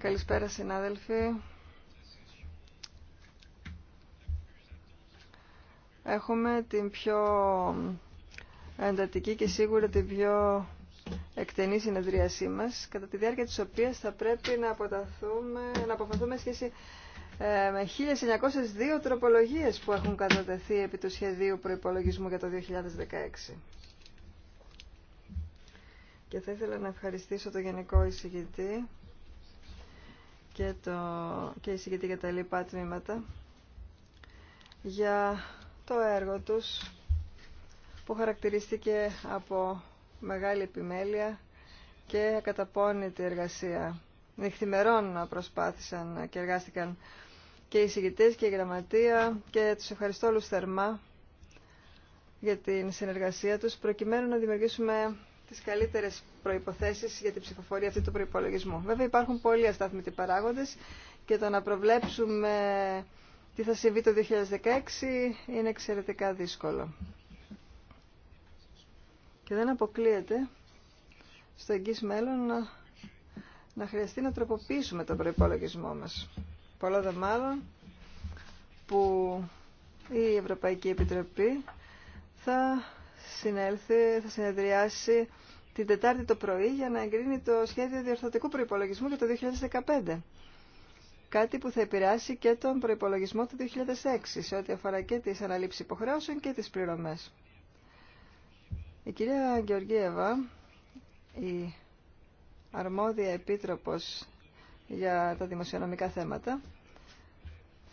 Καλησπέρα συνάδελφοι. Έχουμε την πιο εντατική και σίγουρα την πιο εκτενή συνεδρίασή μας, κατά τη διάρκεια της οποίας θα πρέπει να, αποταθούμε, να αποφαθούμε σχέση ε, με 1902 τροπολογίες που έχουν κατατεθεί επί του σχεδίου προϋπολογισμού για το 2016. Και θα ήθελα να ευχαριστήσω τον Γενικό Εισηγητή και, το, και εισηγητή για τα λοιπά τμήματα για το έργο τους που χαρακτηρίστηκε από μεγάλη επιμέλεια και καταπώνητη εργασία. Νυχθημερών προσπάθησαν και εργάστηκαν και οι εισηγητέ και η γραμματεία και τους ευχαριστώ όλους θερμά για την συνεργασία τους προκειμένου να δημιουργήσουμε τι καλύτερες προϋποθέσεις για την ψηφοφορία αυτή του προπολογισμού. Βέβαια υπάρχουν πολλοί αστάθμητοι παράγοντες και το να προβλέψουμε τι θα συμβεί το 2016 είναι εξαιρετικά δύσκολο. Και δεν αποκλείεται στο εγγύ μέλλον να, χρειαστεί να τροποποιήσουμε τον προπολογισμό μας. Πολλά δε μάλλον που η Ευρωπαϊκή Επιτροπή θα συνέλθει, θα συνεδριάσει την Τετάρτη το πρωί για να εγκρίνει το σχέδιο διορθωτικού προϋπολογισμού για το 2015. Κάτι που θα επηρεάσει και τον προϋπολογισμό του 2006 σε ό,τι αφορά και τις αναλήψεις υποχρεώσεων και τις πληρωμές. Η κυρία Γεωργίευα, η αρμόδια επίτροπος για τα δημοσιονομικά θέματα,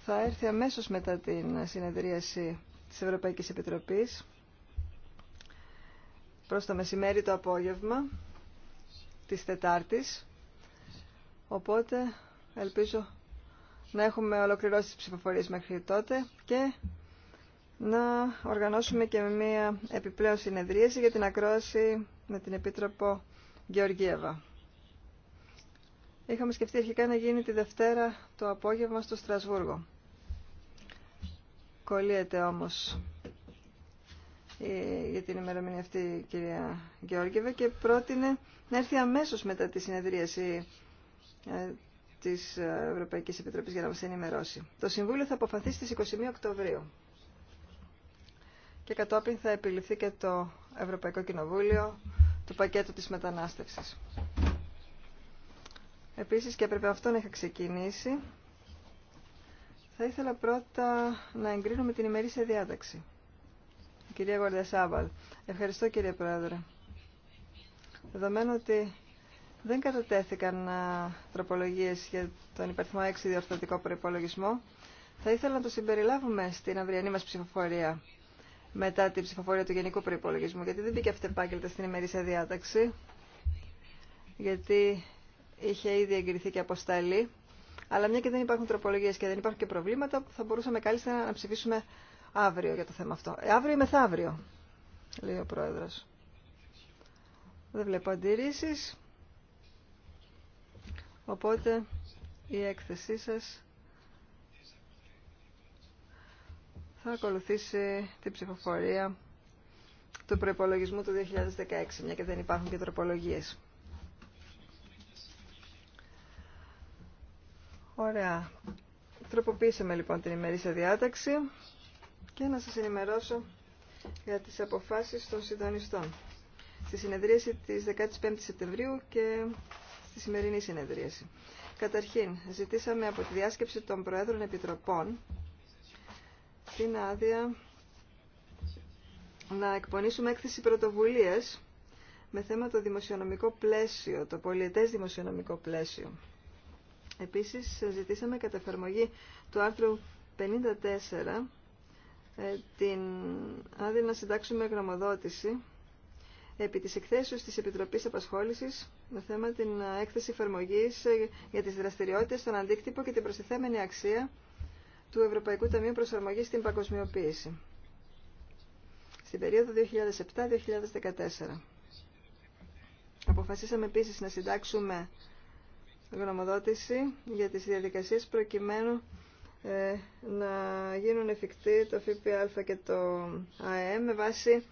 θα έρθει αμέσως μετά την συνεδρίαση της Ευρωπαϊκής Επιτροπής προς το μεσημέρι το απόγευμα της Τετάρτης. Οπότε ελπίζω να έχουμε ολοκληρώσει τις ψηφοφορίες μέχρι τότε και να οργανώσουμε και μια επιπλέον συνεδρίαση για την ακρόαση με την Επίτροπο Γεωργίευα. Είχαμε σκεφτεί αρχικά να γίνει τη Δευτέρα το απόγευμα στο Στρασβούργο. Κολλείεται όμως ε, για την ημερομηνία αυτή η κυρία Γεώργιεβα και πρότεινε να έρθει αμέσως μετά τη συνεδρίαση ε, της Ευρωπαϊκής Επιτροπής για να μας ενημερώσει. Το Συμβούλιο θα αποφανθεί στις 21 Οκτωβρίου και κατόπιν θα επιληφθεί και το Ευρωπαϊκό Κοινοβούλιο του πακέτο της μετανάστευσης. Επίσης και έπρεπε αυτό να είχα ξεκινήσει. Θα ήθελα πρώτα να εγκρίνουμε την ημερήσια διάταξη. Κυρία Γορδιασάβαλ, ευχαριστώ κύριε Πρόεδρε. Δεδομένου ότι δεν κατατέθηκαν τροπολογίες για τον υπερθμό 6 διορθωτικό προπολογισμό, θα ήθελα να το συμπεριλάβουμε στην αυριανή μας ψηφοφορία μετά την ψηφοφορία του Γενικού Προπολογισμού, γιατί δεν μπήκε αυτεπάγγελτα στην ημερήσια διάταξη, γιατί είχε ήδη εγκριθεί και αποστάλει. Αλλά μια και δεν υπάρχουν τροπολογίε και δεν υπάρχουν και προβλήματα, θα μπορούσαμε κάλλιστα να ψηφίσουμε αύριο για το θέμα αυτό. Ε, αύριο ή μεθαύριο, λέει ο Πρόεδρος. Δεν βλέπω αντιρρήσεις. Οπότε η έκθεσή σας θα ακολουθήσει την ψηφοφορία του προπολογισμού του 2016, μια και δεν υπάρχουν και τροπολογίες. Ωραία. Τροποποίησαμε λοιπόν την ημερήσια διάταξη και να σας ενημερώσω για τις αποφάσεις των συντονιστών στη συνεδρίαση της 15 Σεπτεμβρίου και στη σημερινή συνεδρίαση. Καταρχήν, ζητήσαμε από τη διάσκεψη των Προέδρων Επιτροπών την άδεια να εκπονήσουμε έκθεση πρωτοβουλίας με θέμα το δημοσιονομικό πλαίσιο, το πολιετές δημοσιονομικό πλαίσιο. Επίσης, ζητήσαμε κατά εφαρμογή του άρθρου 54 ε, την άδεια να συντάξουμε γνωμοδότηση επί της εκθέσεως της Επιτροπής Απασχόλησης με θέμα την έκθεση εφαρμογή ε, για τις δραστηριότητες, τον αντίκτυπο και την προστιθέμενη αξία του Ευρωπαϊκού Ταμείου Προσαρμογής στην Παγκοσμιοποίηση στην περίοδο 2007-2014. Αποφασίσαμε επίσης να συντάξουμε γνωμοδότηση για τις διαδικασίες προκειμένου ε, να γίνουν εφικτοί το ΦΠΑ και το ΑΕΜ με βάση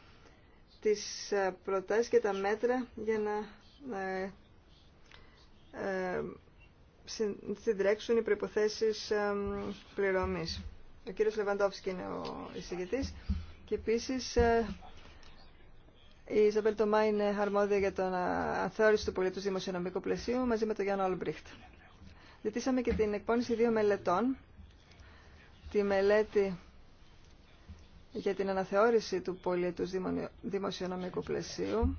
τις ε, προτάσεις και τα μέτρα για να, ε, ε συντρέξουν οι προϋποθέσεις πληρωμής. Ο κύριος Λεβαντόφσκι είναι ο εισηγητής και επίσης η Ιζαμπέλ Τομά είναι αρμόδια για τον αθεώρηση του πολίτου δημοσιονομικού πλαισίου μαζί με τον Γιάννο Ολμπρίχτ. Ζητήσαμε και την εκπόνηση δύο μελετών τη μελέτη για την αναθεώρηση του πολίτους δημοσιονομικού πλαισίου.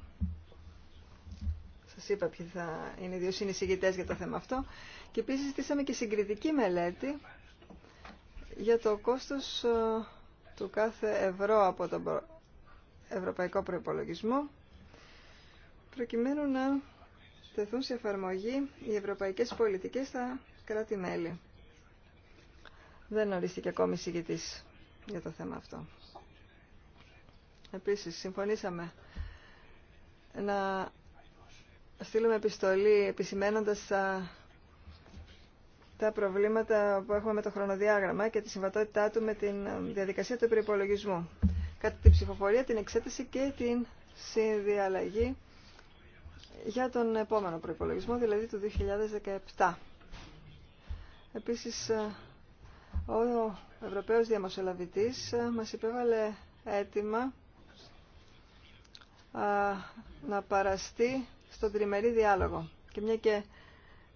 Σας είπα ποιοι θα είναι οι δύο συνεισηγητές για το θέμα αυτό. Και επίσης ζητήσαμε και συγκριτική μελέτη για το κόστος ε, του κάθε ευρώ από τον ευρωπαϊκό προϋπολογισμό προκειμένου να τεθούν σε εφαρμογή οι ευρωπαϊκές πολιτικές στα κράτη-μέλη δεν ορίστηκε ακόμη συγκητής για το θέμα αυτό. Επίσης, συμφωνήσαμε να στείλουμε επιστολή επισημένοντας τα, προβλήματα που έχουμε με το χρονοδιάγραμμα και τη συμβατότητά του με τη ε, διαδικασία του περιπολογισμού. Κατά την ψηφοφορία, την εξέταση και την συνδιαλλαγή για τον επόμενο προϋπολογισμό, δηλαδή του 2017. Επίσης, ε, ο Ευρωπαίος Διαμοσολαβητής ε, μας υπέβαλε αίτημα να παραστεί στον τριμερή διάλογο. Και μια και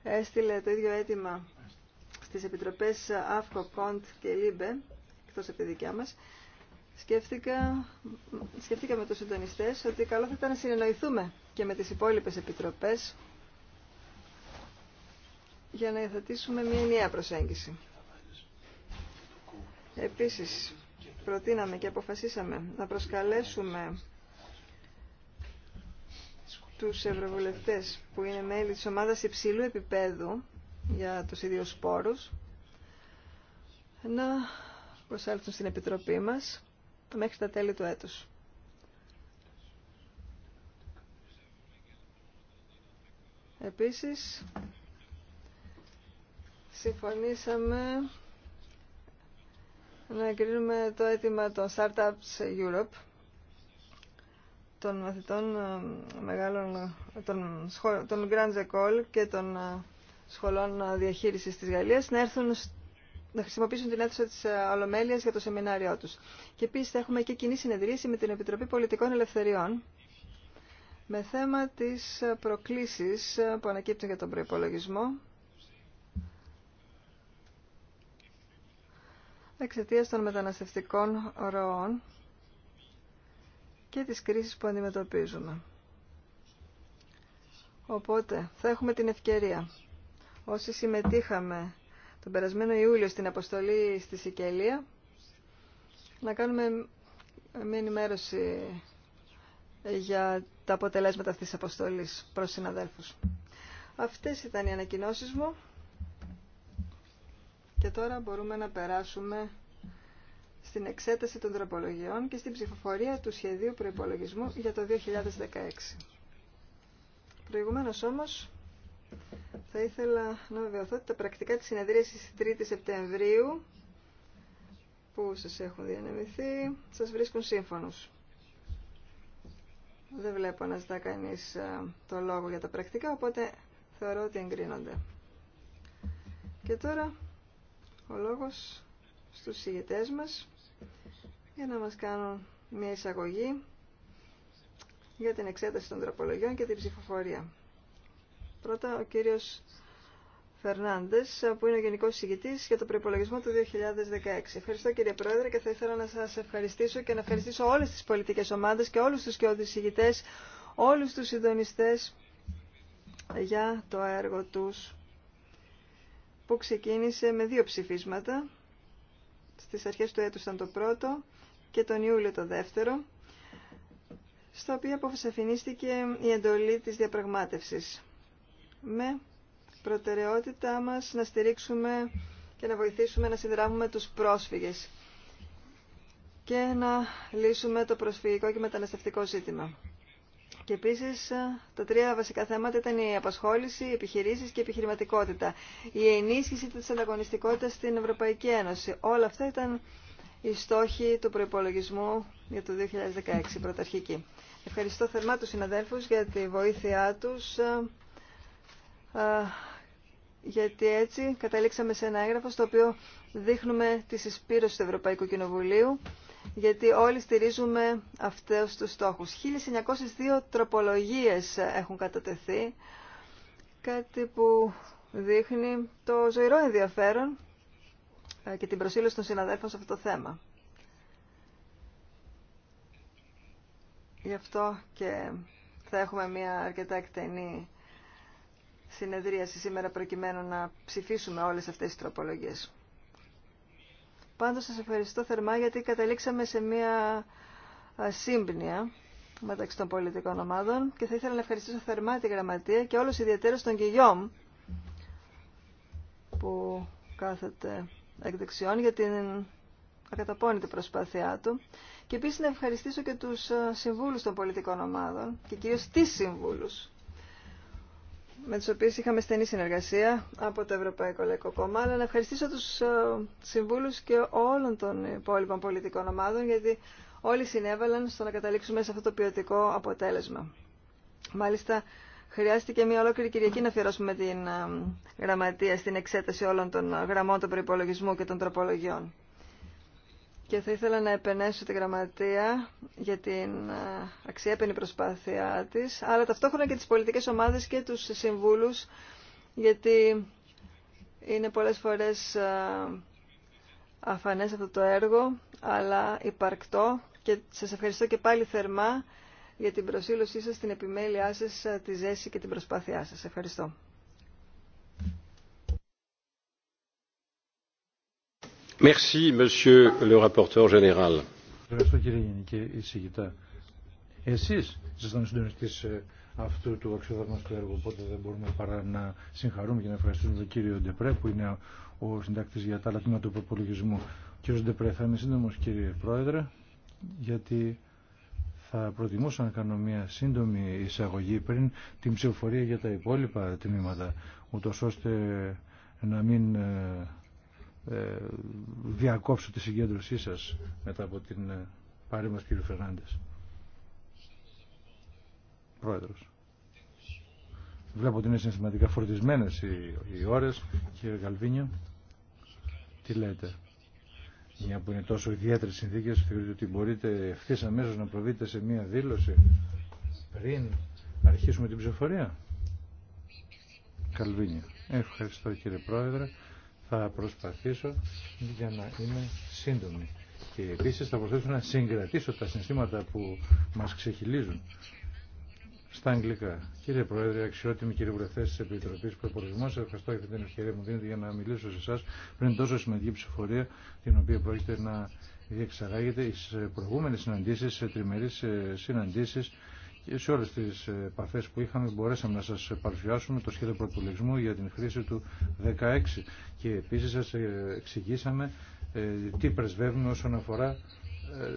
έστειλε το ίδιο αίτημα στις επιτροπές ΑΦΚΟ, ΚΟΝΤ και ΛΥΜΠΕ, εκτός από τη δικιά μας, σκέφτηκα, σκέφτηκα με τους συντονιστές ότι καλό θα ήταν να συνεννοηθούμε και με τις υπόλοιπες επιτροπές για να υιοθετήσουμε μια ενιαία προσέγγιση. Επίσης, προτείναμε και αποφασίσαμε να προσκαλέσουμε τους ευρωβουλευτές που είναι μέλη της ομάδας υψηλού επίπεδου για τους ίδιους σπόρους να προσέλθουν στην Επιτροπή μας μέχρι τα τέλη του έτους. Επίσης, συμφωνήσαμε να κρίνουμε το αίτημα των Startups Europe των μαθητών ε, μεγάλων, των, των Grand Ecole και των ε, σχολών ε, διαχείρισης της Γαλλίας να έρθουν να χρησιμοποιήσουν την αίθουσα της Ολομέλειας για το σεμινάριό τους. Και επίσης έχουμε και κοινή συνεδρίαση με την Επιτροπή Πολιτικών Ελευθεριών με θέμα τις προκλήσεις που ανακύπτουν για τον προϋπολογισμό εξαιτίας των μεταναστευτικών ροών και της κρίσης που αντιμετωπίζουμε. Οπότε θα έχουμε την ευκαιρία. Όσοι συμμετείχαμε τον περασμένο Ιούλιο στην αποστολή στη Σικελία, να κάνουμε μια ενημέρωση για τα αποτελέσματα αυτής της αποστολής προς συναδέλφους. Αυτές ήταν οι ανακοινώσεις μου. Και τώρα μπορούμε να περάσουμε στην εξέταση των τροπολογιών και στην ψηφοφορία του σχεδίου προϋπολογισμού για το 2016. Προηγουμένως όμως θα ήθελα να βεβαιωθώ ότι τα πρακτικά της συνεδρίασης 3η Σεπτεμβρίου που σας έχουν διανεμηθεί σας βρίσκουν σύμφωνος. Δεν βλέπω να ζητά κανείς ε, το λόγο για τα πρακτικά, οπότε θεωρώ ότι εγκρίνονται. Και τώρα ο λόγος στους ηγετές μας για να μας κάνουν μια εισαγωγή για την εξέταση των τροπολογιών και την ψηφοφορία. Πρώτα ο κύριος Φερνάντες, που είναι ο Γενικός Συγητής για το προπολογισμό του 2016. Ευχαριστώ κύριε Πρόεδρε και θα ήθελα να σας ευχαριστήσω και να ευχαριστήσω όλες τις πολιτικές ομάδες και όλους τους κοιόδους συγητές, όλους τους συντονιστές για το έργο τους που ξεκίνησε με δύο ψηφίσματα. Στις αρχές του έτους ήταν το πρώτο και τον Ιούλιο το δεύτερο, στο οποίο αποφασαφινίστηκε η εντολή της διαπραγμάτευσης. Με προτεραιότητά μας να στηρίξουμε και να βοηθήσουμε να συνδράμουμε τους πρόσφυγες και να λύσουμε το προσφυγικό και μεταναστευτικό ζήτημα. Και επίση ε, τα τρία βασικά θέματα ήταν η απασχόληση, οι επιχειρήσεις και η επιχειρηματικότητα. Η ενίσχυση της ανταγωνιστικότητας στην Ευρωπαϊκή Ένωση. Όλα αυτά ήταν οι στόχοι του προπολογισμού για το 2016, πρωταρχική. Ευχαριστώ θερμά τους συναδέλφους για τη βοήθειά τους, ε, ε, γιατί έτσι καταλήξαμε σε ένα έγγραφο στο οποίο δείχνουμε τη συσπήρωση του Ευρωπαϊκού Κοινοβουλίου γιατί όλοι στηρίζουμε αυτούς τους στόχους. 1902 τροπολογίες έχουν κατατεθεί, κάτι που δείχνει το ζωηρό ενδιαφέρον ε, και την προσήλωση των συναδέλφων σε αυτό το θέμα. Γι' αυτό και θα έχουμε μια αρκετά εκτενή συνεδρίαση σήμερα προκειμένου να ψηφίσουμε όλες αυτές τις τροπολογίες. Πάντως σας ευχαριστώ θερμά γιατί καταλήξαμε σε μια σύμπνοια μεταξύ των πολιτικών ομάδων και θα ήθελα να ευχαριστήσω θερμά τη γραμματεία και όλους ιδιαίτερους τον Κιγιόμ που κάθεται εκ δεξιών για την ακαταπώνητη προσπάθειά του και επίσης να ευχαριστήσω και τους συμβούλους των πολιτικών ομάδων και κυρίως τις συμβούλους με τους οποίους είχαμε στενή συνεργασία από το Ευρωπαϊκό Λαϊκό Κόμμα, αλλά να ευχαριστήσω τους ε, συμβούλους και όλων των υπόλοιπων πολιτικών ομάδων, γιατί όλοι συνέβαλαν στο να καταλήξουμε σε αυτό το ποιοτικό αποτέλεσμα. Μάλιστα, χρειάστηκε μια ολόκληρη Κυριακή να αφιερώσουμε την ε, γραμματεία στην εξέταση όλων των γραμμών των προπολογισμού και των τροπολογιών και θα ήθελα να επενέσω τη Γραμματεία για την ε, αξιέπαινη προσπάθειά της, αλλά ταυτόχρονα και τις πολιτικές ομάδες και τους συμβούλους, γιατί είναι πολλές φορές ε, αφανές αυτό το έργο, αλλά υπαρκτό και σας ευχαριστώ και πάλι θερμά για την προσήλωσή σας, την επιμέλειά σας, ε, τη ζέση και την προσπάθειά σας. Ευχαριστώ. Ευχαριστώ κύριε Γενική Εισηγητά. Εσείς ήσασταν συντονιστής ε, αυτού του του έργου, οπότε δεν μπορούμε παρά να συγχαρούμε και να ευχαριστούμε τον κύριο Ντεπρέ που είναι ο συντάκτης για τα άλλα τμήματα του προπολογισμού. Ο κύριος Ντεπρέ θα είμαι σύντομος κύριε Πρόεδρε, γιατί θα προτιμούσα να κάνω μια σύντομη εισαγωγή πριν την ψηφοφορία για τα υπόλοιπα τμήματα, ούτως ώστε να μην ε, ε, διακόψω τη συγκέντρωσή σας μετά από την ε, πάρη μας κύριο Φερνάντες. Πρόεδρος. Βλέπω ότι είναι συναισθηματικά φορτισμένες οι, οι ώρες. Κύριε Καλβίνιο, τι λέτε. Μια που είναι τόσο ιδιαίτερες συνθήκε. θεωρείτε ότι μπορείτε ευθύ αμέσω να προβείτε σε μια δήλωση πριν αρχίσουμε την ψηφοφορία. Καλβίνιο. Ευχαριστώ κύριε Πρόεδρε. Θα προσπαθήσω για να είμαι σύντομη. Και επίσης θα προσπαθήσω να συγκρατήσω τα συναισθήματα που μας ξεχυλίζουν στα αγγλικά. Κύριε Πρόεδρε, αξιότιμοι κύριε Βουλευτέ τη Επιτροπή Προπολογισμού, σα ευχαριστώ για την ευκαιρία μου δίνετε για να μιλήσω σε εσά πριν τόσο σημαντική ψηφορία, την οποία πρόκειται να διεξαγάγεται στι προηγούμενε συναντήσει, σε τριμερεί ε, συναντήσει και σε όλε τι επαφέ που είχαμε μπορέσαμε να σας παρουσιάσουμε το σχέδιο προπολογισμού για την χρήση του 16 και επίσης σα εξηγήσαμε ε, τι πρεσβεύουμε όσον αφορά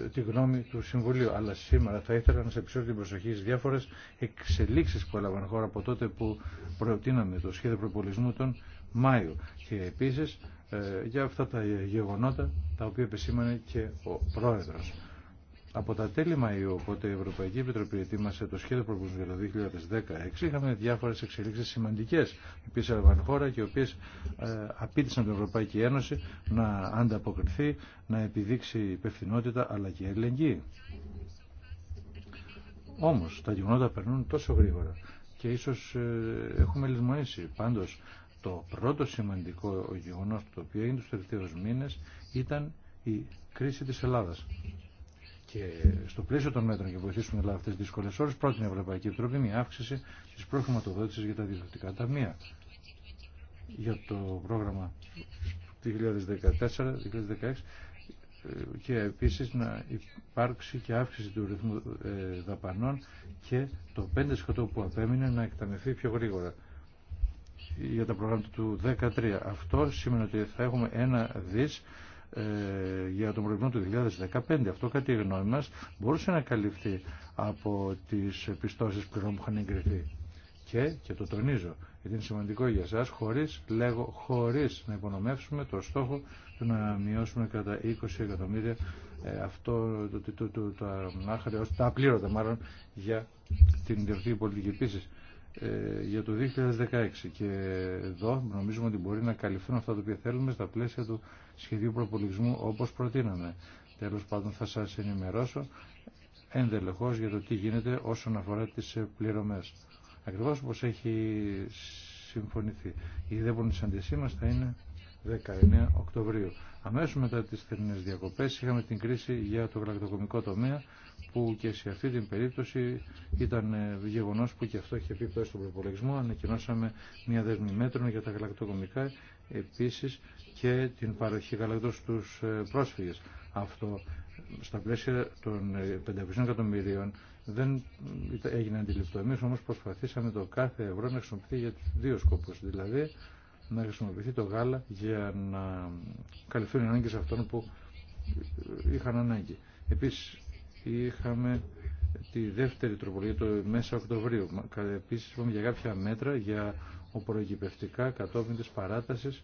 ε, τη γνώμη του Συμβουλίου. Αλλά σήμερα θα ήθελα να σε επιστρέψω την προσοχή στι διάφορες εξελίξεις που έλαβαν χώρα από τότε που προτείναμε το σχέδιο προπολογισμού τον Μάιο. Και επίσης ε, για αυτά τα γεγονότα τα οποία επισήμανε και ο Πρόεδρος. Από τα τέλη Μαΐου, οπότε η Ευρωπαϊκή Επιτροπή ετοίμασε το σχέδιο προπολογισμού για το 2016. Είχαμε διάφορες εξελίξεις σημαντικές, οι οποίες έλαβαν χώρα και οι οποίες ε, απίτησαν την Ευρωπαϊκή Ένωση να ανταποκριθεί, να επιδείξει υπευθυνότητα αλλά και ελεγγύη. Όμως τα γεγονότα περνούν τόσο γρήγορα και ίσως ε, έχουμε λησμονήσει. Πάντως το πρώτο σημαντικό γεγονός το οποίο έγινε τους τελευταίους μήνες ήταν η κρίση της Ελλάδας και στο πλαίσιο των μέτρων για βοηθήσουμε δηλαδή, αυτέ τι δύσκολε ώρε, πρότεινε η Ευρωπαϊκή Επιτροπή μια αύξηση τη προχρηματοδότηση για τα διευθυντικά ταμεία. Για το πρόγραμμα 2014-2016 ε, και επίσης να υπάρξει και αύξηση του ρυθμού ε, δαπανών και το 5% που απέμεινε να εκταμεθεί πιο γρήγορα για τα προγράμματα του 2013. Αυτό σημαίνει ότι θα έχουμε ένα δις ε, για τον προηγούμενο του 2015. Αυτό κάτι τη γνώμη μας μπορούσε να καλυφθεί από τις πιστώσεις πληρών που είχαν εγκριθεί. Και, και το τονίζω, γιατί είναι σημαντικό για εσάς, χωρίς, λέγω, χωρίς να υπονομεύσουμε το στόχο του να μειώσουμε κατά 20 εκατομμύρια ε, αυτό το, το, το, το, τα πλήρωτα τα μάλλον για την ιδιωτική πολιτική επίση ε, για το 2016 και εδώ νομίζουμε ότι μπορεί να καλυφθούν αυτά τα οποία θέλουμε στα πλαίσια του σχεδίου προπολογισμού όπως προτείναμε. Τέλος πάντων θα σας ενημερώσω ενδελεχώς για το τι γίνεται όσον αφορά τις πληρωμές. Ακριβώς όπως έχει συμφωνηθεί. Η δεύτερη συναντησή μας θα είναι 19 Οκτωβρίου. Αμέσως μετά τις θερινές διακοπές είχαμε την κρίση για το γλακτοκομικό τομέα που και σε αυτή την περίπτωση ήταν ε, γεγονός που και αυτό έχει επίπτωση στον προπολογισμό. Ανακοινώσαμε μια δέσμη μέτρων για τα γαλακτοκομικά επίσης και την παροχή γαλακτός στους ε, πρόσφυγες. Αυτό στα πλαίσια των 500 ε, εκατομμυρίων δεν έγινε αντιληπτό. Εμείς όμως προσπαθήσαμε το κάθε ευρώ να χρησιμοποιηθεί για δύο σκοπούς. Δηλαδή να χρησιμοποιηθεί το γάλα για να καλυφθούν οι ανάγκες αυτών που ε, είχαν ανάγκη. Επίσης είχαμε τη δεύτερη τροπολογία το μέσα Οκτωβρίου. Επίσης είπαμε για κάποια μέτρα για προεκυπευτικά κατόπιν της παράτασης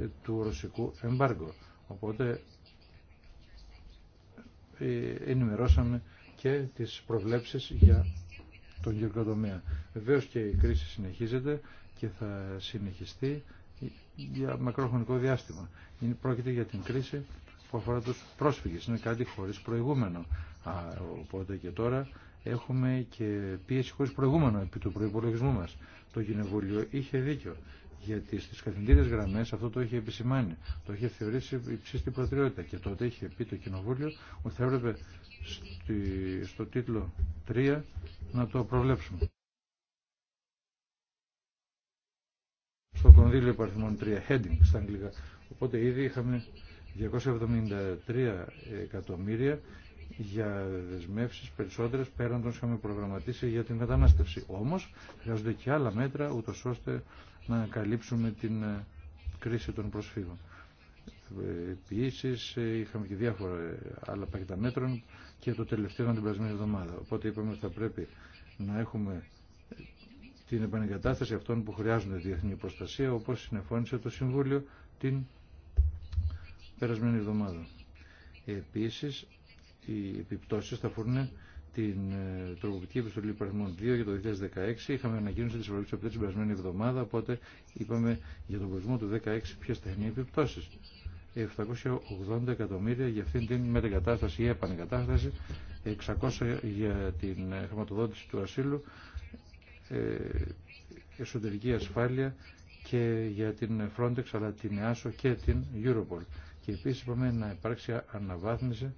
ε, του ρωσικού εμπάργου. Οπότε ε, ενημερώσαμε και τις προβλέψεις για τον γεωργοτομέα. Βεβαίω και η κρίση συνεχίζεται και θα συνεχιστεί για μακροχρονικό διάστημα. Είναι, πρόκειται για την κρίση που αφορά τους πρόσφυγες. Είναι κάτι χωρίς προηγούμενο. οπότε και τώρα έχουμε και πίεση χωρίς προηγούμενο επί του προϋπολογισμού μας. Το Κοινοβούλιο είχε δίκιο, γιατί στις καθημερινές γραμμές αυτό το είχε επισημάνει, το είχε θεωρήσει υψίστη προτεραιότητα και τότε είχε πει το Κοινοβούλιο ότι θα έπρεπε στο τίτλο 3 να το προβλέψουμε. Στο κονδύλιο μόνο 3, heading στα αγγλικά. Οπότε ήδη είχαμε 273 εκατομμύρια για δεσμεύσει περισσότερε πέραν των είχαμε προγραμματίσει για την κατανάστευση. Όμω χρειάζονται και άλλα μέτρα ούτω ώστε να καλύψουμε την ε, κρίση των προσφύγων. Ε, Επίση, ε, είχαμε και διάφορα άλλα πακέτα μέτρων και το τελευταίο ήταν την περασμένη εβδομάδα. Οπότε είπαμε ότι θα πρέπει να έχουμε την επανεγκατάσταση αυτών που χρειάζονται διεθνή προστασία, όπως συνεφώνησε το Συμβούλιο την περασμένη εβδομάδα. Επίσης, οι επιπτώσεις θα αφορούν την ε, τροποποιητική επιστολή παριθμών 2 για το 2016. Είχαμε ανακοίνωση της Ευρωπαϊκής Επιτροπή την περασμένη εβδομάδα, οπότε είπαμε για τον προορισμό του 2016 ποιες θα είναι οι επιπτώσει. 780 εκατομμύρια για αυτήν την μετεγκατάσταση ή επανεγκατάσταση, 600 για την χρηματοδότηση του ασύλου, ε, εσωτερική ασφάλεια και για την Frontex αλλά την EASO και την Europol. Και επίσης είπαμε να υπάρξει αναβάθμιση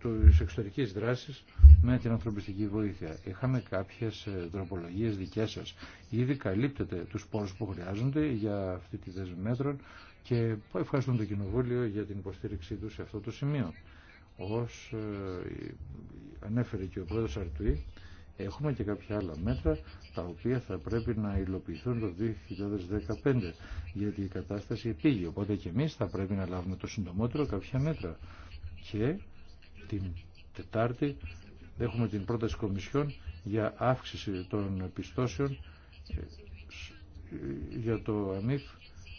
του εξωτερική δράση με την ανθρωπιστική βοήθεια. Είχαμε κάποιες δροπολογίε ε, δικέ σα. Ήδη καλύπτεται τους πόρους που χρειάζονται για αυτή τη δέσμη μέτρων και ευχαριστούμε το Κοινοβούλιο για την υποστήριξή του σε αυτό το σημείο. Ως ε, ανέφερε και ο πρόεδρος Αρτουή, Έχουμε και κάποια άλλα μέτρα τα οποία θα πρέπει να υλοποιηθούν το 2015 γιατί η κατάσταση επήγει. Οπότε και εμεί θα πρέπει να λάβουμε το συντομότερο κάποια μέτρα. Και την Τετάρτη έχουμε την πρόταση Κομισιόν για αύξηση των πιστώσεων ε, ε, για το ΑΜΙΦ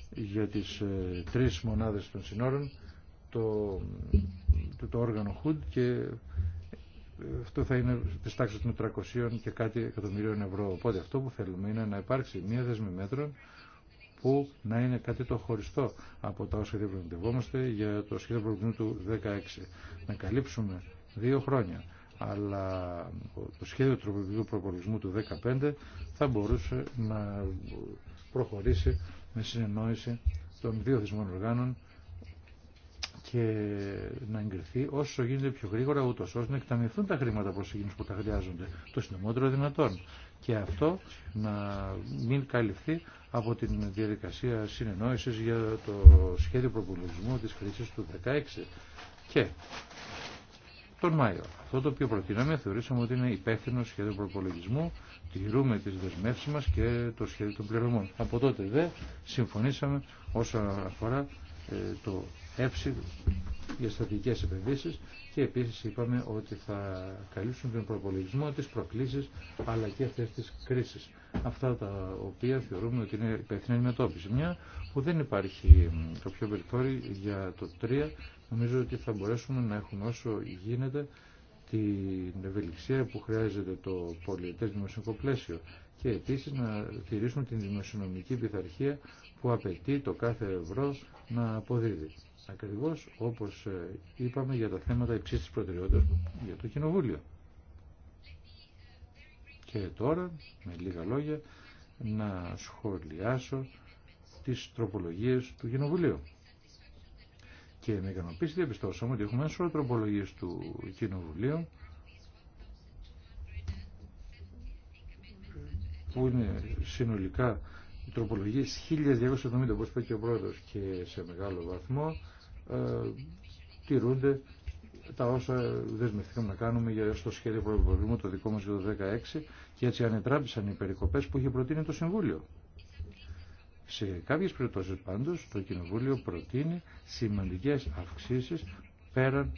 για τις ε, τρεις μονάδες των συνόρων το, το, όργανο χούντ και αυτό θα είναι της τάξης των 300 και κάτι εκατομμυρίων ευρώ. Οπότε αυτό που θέλουμε είναι να υπάρξει μία δεσμή μέτρων που να είναι κάτι το χωριστό από τα όσα διαπραγματευόμαστε για το σχέδιο του 16. Να καλύψουμε δύο χρόνια. Αλλά το σχέδιο τροποποιητικού προπολογισμού του 2015 θα μπορούσε να προχωρήσει με συνεννόηση των δύο θεσμών οργάνων και να εγκριθεί όσο γίνεται πιο γρήγορα, ούτω ώστε να εκταμιευθούν τα χρήματα προ εκείνου που τα χρειάζονται το συντομότερο δυνατόν. Και αυτό να μην καλυφθεί από την διαδικασία συνεννόησης για το σχέδιο προπολογισμού της χρήσης του 16 και τον Μάιο. Αυτό το οποίο προτείναμε θεωρήσαμε ότι είναι υπεύθυνο σχέδιο προπολογισμού, τηρούμε τις δεσμεύσεις μας και το σχέδιο των πληρωμών. Από τότε δε συμφωνήσαμε όσον αφορά ε, το ΕΨΙ για στρατηγικές επενδύσεις και επίσης είπαμε ότι θα καλύψουν τον προπολογισμό, τις προκλήσεις αλλά και αυτές τις κρίσεις. Αυτά τα οποία θεωρούμε ότι είναι υπεύθυνη αντιμετώπιση. Μια που δεν υπάρχει κάποιο περιθώριο για το 3, νομίζω ότι θα μπορέσουμε να έχουμε όσο γίνεται την ευελιξία που χρειάζεται το πολιετές δημοσιονομικό πλαίσιο και επίσης να τηρήσουμε την δημοσιονομική πειθαρχία που απαιτεί το κάθε ευρώ να αποδίδει. Ακριβώς όπως ε, είπαμε για τα θέματα υψής της προτεραιότητας για το Κοινοβούλιο. Και τώρα, με λίγα λόγια, να σχολιάσω τις τροπολογίες του Κοινοβουλίου. Και με ικανοποίηση διαπιστώσαμε ότι έχουμε ένα σώρο τροπολογίες του Κοινοβουλίου που είναι συνολικά τροπολογίες 1270 όπως είπε και ο πρόεδρος και σε μεγάλο βαθμό ε, τηρούνται τα όσα δεσμευτήκαμε να κάνουμε για στο σχέδιο προϋπολογισμού το δικό μας για το 2016 και έτσι ανετράπησαν οι περικοπές που είχε προτείνει το Συμβούλιο. Σε κάποιες περιπτώσεις πάντως το Κοινοβούλιο προτείνει σημαντικές αυξήσεις πέραν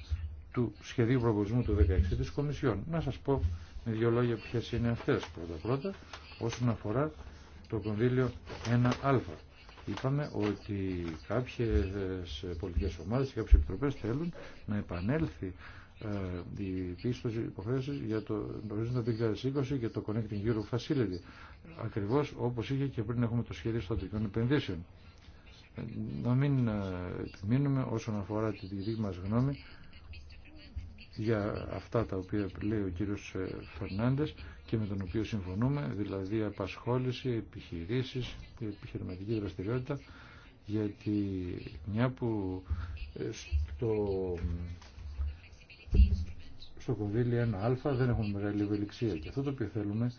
του σχεδίου προϋπολογισμού του 2016 της Κομισιόν. Να σας πω με δύο λόγια ποιες είναι αυτές πρώτα-πρώτα όσον αφορά το κονδύλιο 1α είπαμε ότι κάποιες πολιτικές ομάδες και κάποιες επιτροπές θέλουν να επανέλθει ε, η πίστοση υποχρέωση για το 2020 και το Connecting Europe Facility. Ακριβώς όπως είχε και πριν έχουμε το σχέδιο στρατηγικών επενδύσεων. Ε, να μην ε, επιμείνουμε όσον αφορά τη δική μας γνώμη για αυτά τα οποία λέει ο κύριος ε, Φερνάντες και με τον οποίο συμφωνούμε, δηλαδή απασχόληση, επιχειρήσεις, επιχειρηματική δραστηριότητα, γιατί μια που ε, στο, στο κονδύλι 1α δεν έχουμε μεγάλη ευελιξία και αυτό το οποίο θέλουμε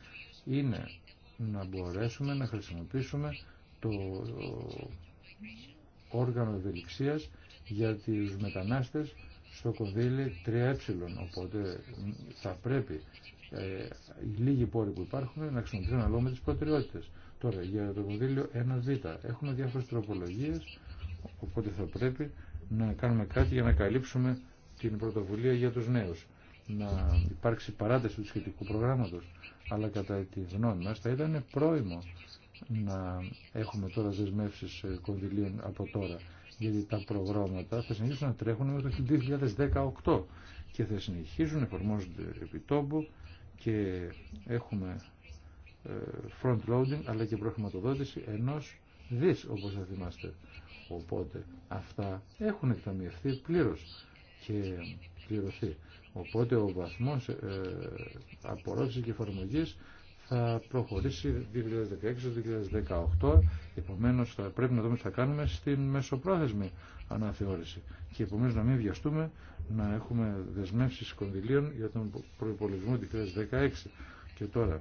είναι να μπορέσουμε να χρησιμοποιήσουμε το ε, όργανο ευελιξίας για τους μετανάστες στο κονδύλι 3ε. Οπότε θα πρέπει ε, οι λίγοι πόροι που υπάρχουν να χρησιμοποιηθούν ανάλογα με τι προτεραιότητες. Τώρα για το κονδύλιο 1β έχουμε διάφορε τροπολογίε. Οπότε θα πρέπει να κάνουμε κάτι για να καλύψουμε την πρωτοβουλία για τους νέους. Να υπάρξει παράταση του σχετικού προγράμματος, Αλλά κατά τη γνώμη μας θα ήταν πρόημο να έχουμε τώρα δεσμεύσει ε, κονδυλίων από τώρα γιατί τα προγράμματα θα συνεχίσουν να τρέχουν μέχρι το 2018 και θα συνεχίσουν να εφαρμόζονται επί τόπου και έχουμε ε, front loading αλλά και προχρηματοδότηση ενός δις όπως θα θυμάστε. Οπότε αυτά έχουν εκταμιευθεί πλήρως και πληρωθεί. Οπότε ο βαθμός ε, απορρόφησης και εφαρμογής θα προχωρήσει 2016-2018 Επομένως θα πρέπει να δούμε τι θα κάνουμε στην μεσοπρόθεσμη αναθεώρηση και επομένως να μην βιαστούμε να έχουμε δεσμεύσεις κονδυλίων για τον προϋπολογισμό του 2016. Και τώρα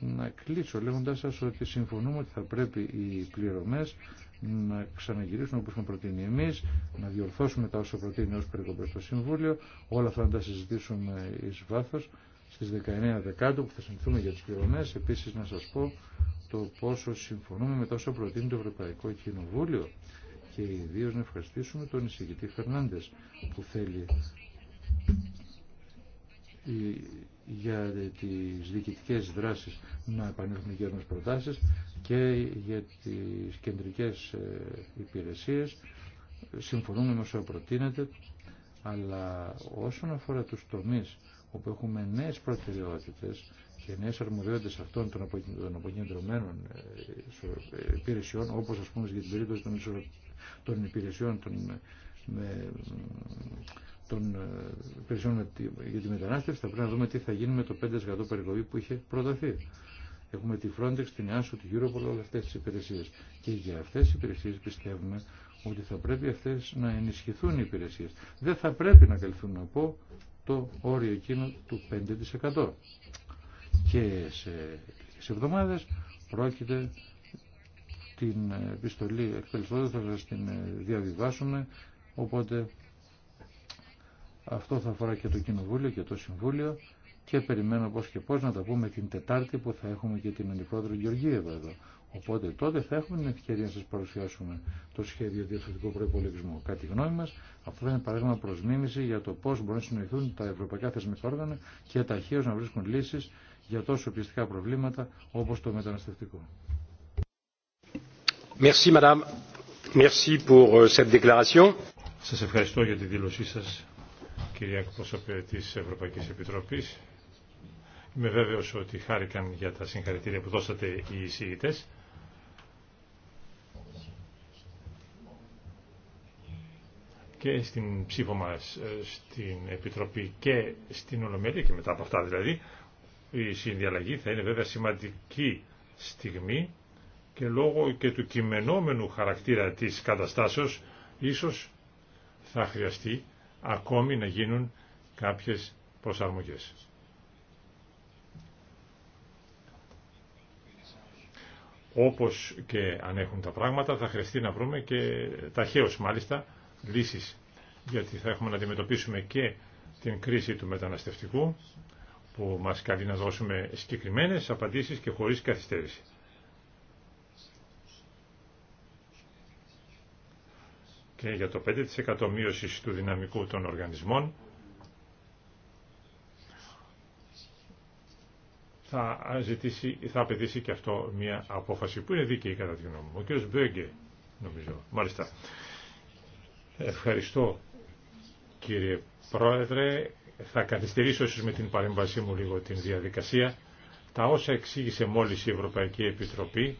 να κλείσω λέγοντάς σας ότι συμφωνούμε ότι θα πρέπει οι πληρωμές να ξαναγυρίσουν όπως έχουμε προτείνει εμείς, να διορθώσουμε τα όσα προτείνει ω περικοπές το Συμβούλιο, όλα αυτά να τα συζητήσουμε εις βάθος στις 19 Δεκάτου που θα συνηθούμε για τις πληρωμές. Επίσης να σας πω το πόσο συμφωνούμε με τόσο προτείνει το Ευρωπαϊκό Κοινοβούλιο και ιδίω να ευχαριστήσουμε τον εισηγητή Φερνάντε που θέλει για τις διοικητικές δράσεις να επανέλθουν οι προτάσεις και για τις κεντρικές ε, υπηρεσίες συμφωνούμε με όσο προτείνεται αλλά όσον αφορά τους τομείς όπου έχουμε νέες προτεραιότητες και νέες αρμοδιότητες αυτών των αποκεντρωμένων ε, ε, υπηρεσιών, όπως ας πούμε για την περίπτωση των υπηρεσιών των, με, των ε, υπηρεσιών για τη μετανάστευση, θα πρέπει να δούμε τι θα γίνει με το 5% περιοχή που είχε προταθεί. Έχουμε τη Frontex, την Άσο, την Europol, όλε αυτέ τι υπηρεσίε. Και για αυτέ τι υπηρεσίε πιστεύουμε ότι θα πρέπει αυτέ να ενισχυθούν οι υπηρεσίε. Δεν θα πρέπει να καλυφθούν από το όριο εκείνο του 5% και σε λίγες εβδομάδες πρόκειται την επιστολή εκτελεστότητα θα σας την ε, διαβιβάσουμε οπότε αυτό θα αφορά και το Κοινοβούλιο και το Συμβούλιο και περιμένω πώς και πώς να τα πούμε την Τετάρτη που θα έχουμε και την Αντιπρόεδρο Γεωργίευα εδώ. Οπότε τότε θα έχουμε την ευκαιρία να σας παρουσιάσουμε το σχέδιο διευθυντικού προπολογισμού. Κάτι γνώμη μας, αυτό θα είναι παράδειγμα προς για το πώς μπορούν να συνοηθούν τα ευρωπαϊκά θεσμικά όργανα και ταχαίως να βρίσκουν λύσεις για τόσο πιεστικά προβλήματα όπως το μεταναστευτικό. Merci, euh, Σας ευχαριστώ για τη δήλωσή σας, κυρία εκπρόσωπε της Ευρωπαϊκής Επιτροπής. Είμαι βέβαιος ότι χάρηκαν για τα συγχαρητήρια που δώσατε οι εισηγητές. και στην ψήφο μας ε, στην Επιτροπή και στην Ολομέλεια και μετά από αυτά δηλαδή η συνδιαλλαγή θα είναι βέβαια σημαντική στιγμή και λόγω και του κειμενόμενου χαρακτήρα της καταστάσεως ίσως θα χρειαστεί ακόμη να γίνουν κάποιες προσαρμογές. Όπως και αν έχουν τα πράγματα θα χρειαστεί να βρούμε και ταχαίως μάλιστα λύσεις γιατί θα έχουμε να αντιμετωπίσουμε και την κρίση του μεταναστευτικού που μας καλεί να δώσουμε συγκεκριμένες απαντήσεις και χωρίς καθυστέρηση. Και για το 5% μείωση του δυναμικού των οργανισμών θα, θα απαιτήσει και αυτό μια απόφαση που είναι δίκαιη κατά τη γνώμη μου. Ο κ. Μπέγκε, νομίζω. Μάλιστα. Ευχαριστώ κύριε Πρόεδρε θα καθυστερήσω ίσως με την παρέμβασή μου λίγο την διαδικασία. Τα όσα εξήγησε μόλις η Ευρωπαϊκή Επιτροπή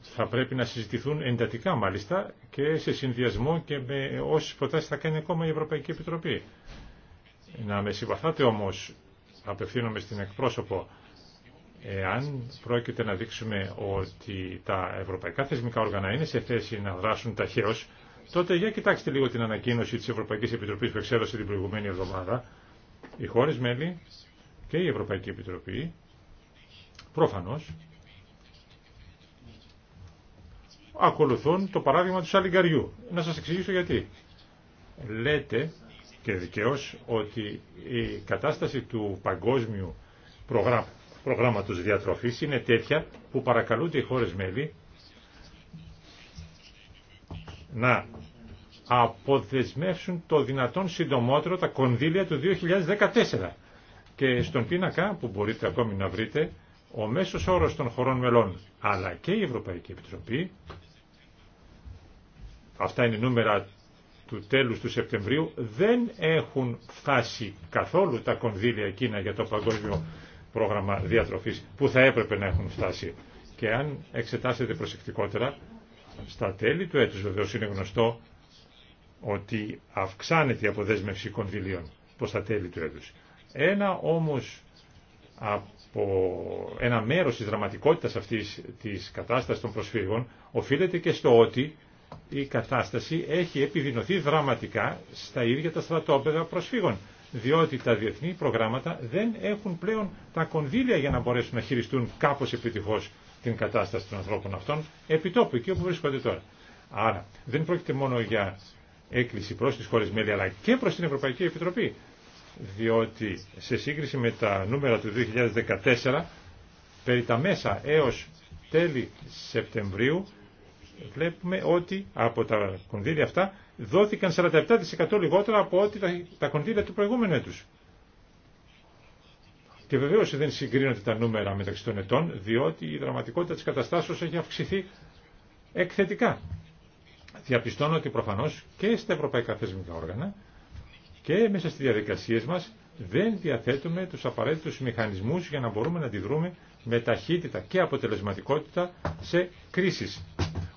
θα πρέπει να συζητηθούν εντατικά μάλιστα και σε συνδυασμό και με όσες προτάσεις θα κάνει ακόμα η Ευρωπαϊκή Επιτροπή. Να με συμπαθάτε όμως, απευθύνομαι στην εκπρόσωπο, Εάν πρόκειται να δείξουμε ότι τα ευρωπαϊκά θεσμικά όργανα είναι σε θέση να δράσουν ταχαίω, τότε για κοιτάξτε λίγο την ανακοίνωση τη Ευρωπαϊκή Επιτροπή που εξέδωσε την προηγουμένη εβδομάδα. Οι χώρε μέλη και η Ευρωπαϊκή Επιτροπή προφανώ ακολουθούν το παράδειγμα του Σαλιγκαριού. Να σα εξηγήσω γιατί. Λέτε και δικαίω ότι η κατάσταση του παγκόσμιου προγράμματο προγράμματος διατροφής είναι τέτοια που παρακαλούνται οι χώρες μέλη να αποδεσμεύσουν το δυνατόν συντομότερο τα κονδύλια του 2014. Και στον πίνακα που μπορείτε ακόμη να βρείτε, ο μέσος όρος των χωρών μελών, αλλά και η Ευρωπαϊκή Επιτροπή, αυτά είναι νούμερα του τέλους του Σεπτεμβρίου, δεν έχουν φτάσει καθόλου τα κονδύλια εκείνα για το Παγκόσμιο πρόγραμμα διατροφής που θα έπρεπε να έχουν φτάσει. Και αν εξετάσετε προσεκτικότερα, στα τέλη του έτους βεβαίω είναι γνωστό ότι αυξάνεται η αποδέσμευση κονδυλίων προς τα τέλη του έτους. Ένα όμως από ένα μέρος της δραματικότητας αυτής της κατάστασης των προσφύγων οφείλεται και στο ότι η κατάσταση έχει επιδεινωθεί δραματικά στα ίδια τα στρατόπεδα προσφύγων διότι τα διεθνή προγράμματα δεν έχουν πλέον τα κονδύλια για να μπορέσουν να χειριστούν κάπως επιτυχώς την κατάσταση των ανθρώπων αυτών τόπου, εκεί όπου βρίσκονται τώρα. Άρα δεν πρόκειται μόνο για έκκληση προς τις χώρες μέλη αλλά και προς την Ευρωπαϊκή Επιτροπή διότι σε σύγκριση με τα νούμερα του 2014 περί τα μέσα έως τέλη Σεπτεμβρίου βλέπουμε ότι από τα κονδύλια αυτά δόθηκαν 47% λιγότερα από ό,τι τα κονδύλια του προηγούμενου έτους. Και βεβαίω δεν συγκρίνονται τα νούμερα μεταξύ των ετών, διότι η δραματικότητα της καταστάσεως έχει αυξηθεί εκθετικά. Διαπιστώνω ότι προφανώς και στα ευρωπαϊκά θεσμικά όργανα και μέσα στις διαδικασίες μας δεν διαθέτουμε τους απαραίτητους μηχανισμούς για να μπορούμε να αντιδρούμε με ταχύτητα και αποτελεσματικότητα σε κρίσεις.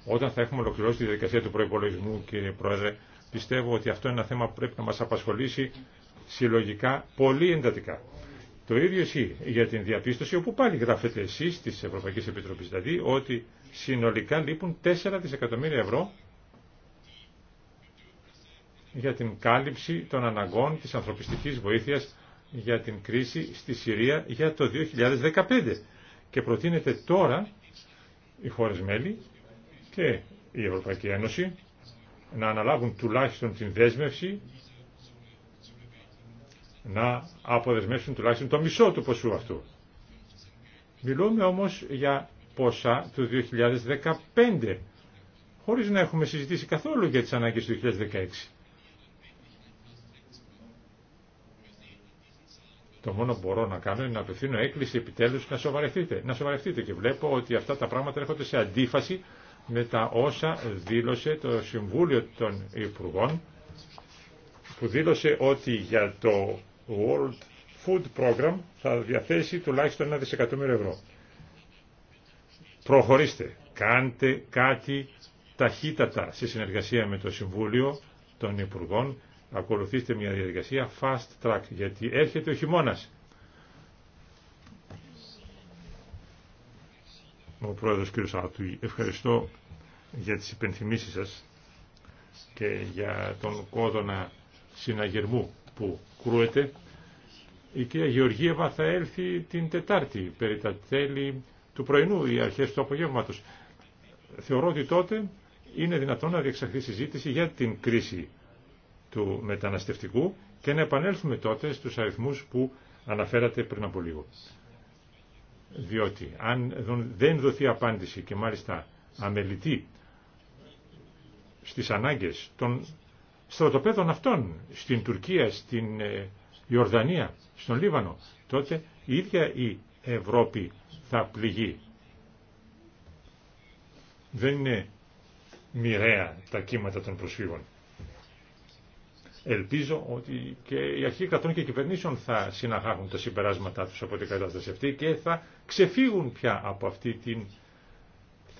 Όταν θα έχουμε ολοκληρώσει τη διαδικασία του προπολογισμού, κύριε Πρόεδρε, πιστεύω ότι αυτό είναι ένα θέμα που πρέπει να μα απασχολήσει συλλογικά πολύ εντατικά. Το ίδιο ισχύει για την διαπίστωση, όπου πάλι γράφετε εσεί τη Ευρωπαϊκή Επιτροπή, δηλαδή ότι συνολικά λείπουν 4 δισεκατομμύρια ευρώ για την κάλυψη των αναγκών της ανθρωπιστικής βοήθειας για την κρίση στη Συρία για το 2015. Και προτείνεται τώρα οι χώρες μέλη και η Ευρωπαϊκή Ένωση να αναλάβουν τουλάχιστον την δέσμευση να αποδεσμεύσουν τουλάχιστον το μισό του ποσού αυτού. Μιλούμε όμως για ποσά του 2015, χωρίς να έχουμε συζητήσει καθόλου για τις ανάγκες του 2016. Το μόνο που μπορώ να κάνω είναι να απευθύνω έκκληση επιτέλους να σοβαρευτείτε. Να σοβαρευτείτε και βλέπω ότι αυτά τα πράγματα έρχονται σε αντίφαση με τα όσα δήλωσε το Συμβούλιο των Υπουργών που δήλωσε ότι για το World Food Program θα διαθέσει τουλάχιστον ένα δισεκατομμύριο ευρώ. Προχωρήστε, κάντε κάτι ταχύτατα σε συνεργασία με το Συμβούλιο των Υπουργών, ακολουθήστε μια διαδικασία fast track, γιατί έρχεται ο χειμώνας Ο πρόεδρος κ. Σαρατουή. ευχαριστώ για τις υπενθυμίσεις σας και για τον κόδωνα συναγερμού που κρούεται. Η κυρία Γεωργίευα θα έλθει την Τετάρτη, περί τα τέλη του πρωινού ή αρχές του απογεύματος. Θεωρώ ότι τότε είναι δυνατόν να διεξαχθεί συζήτηση για την κρίση του μεταναστευτικού και να επανέλθουμε τότε στους αριθμούς που αναφέρατε πριν από λίγο διότι αν δεν δοθεί απάντηση και μάλιστα αμελητή στις ανάγκες των στρατοπέδων αυτών στην Τουρκία, στην ε, Ιορδανία, στον Λίβανο, τότε η ίδια η Ευρώπη θα πληγεί. Δεν είναι μοιραία τα κύματα των προσφύγων. Ελπίζω ότι και οι αρχοί κρατών και κυβερνήσεων θα συναγάγουν τα συμπεράσματά τους από την κατάσταση αυτή και θα ξεφύγουν πια από αυτή την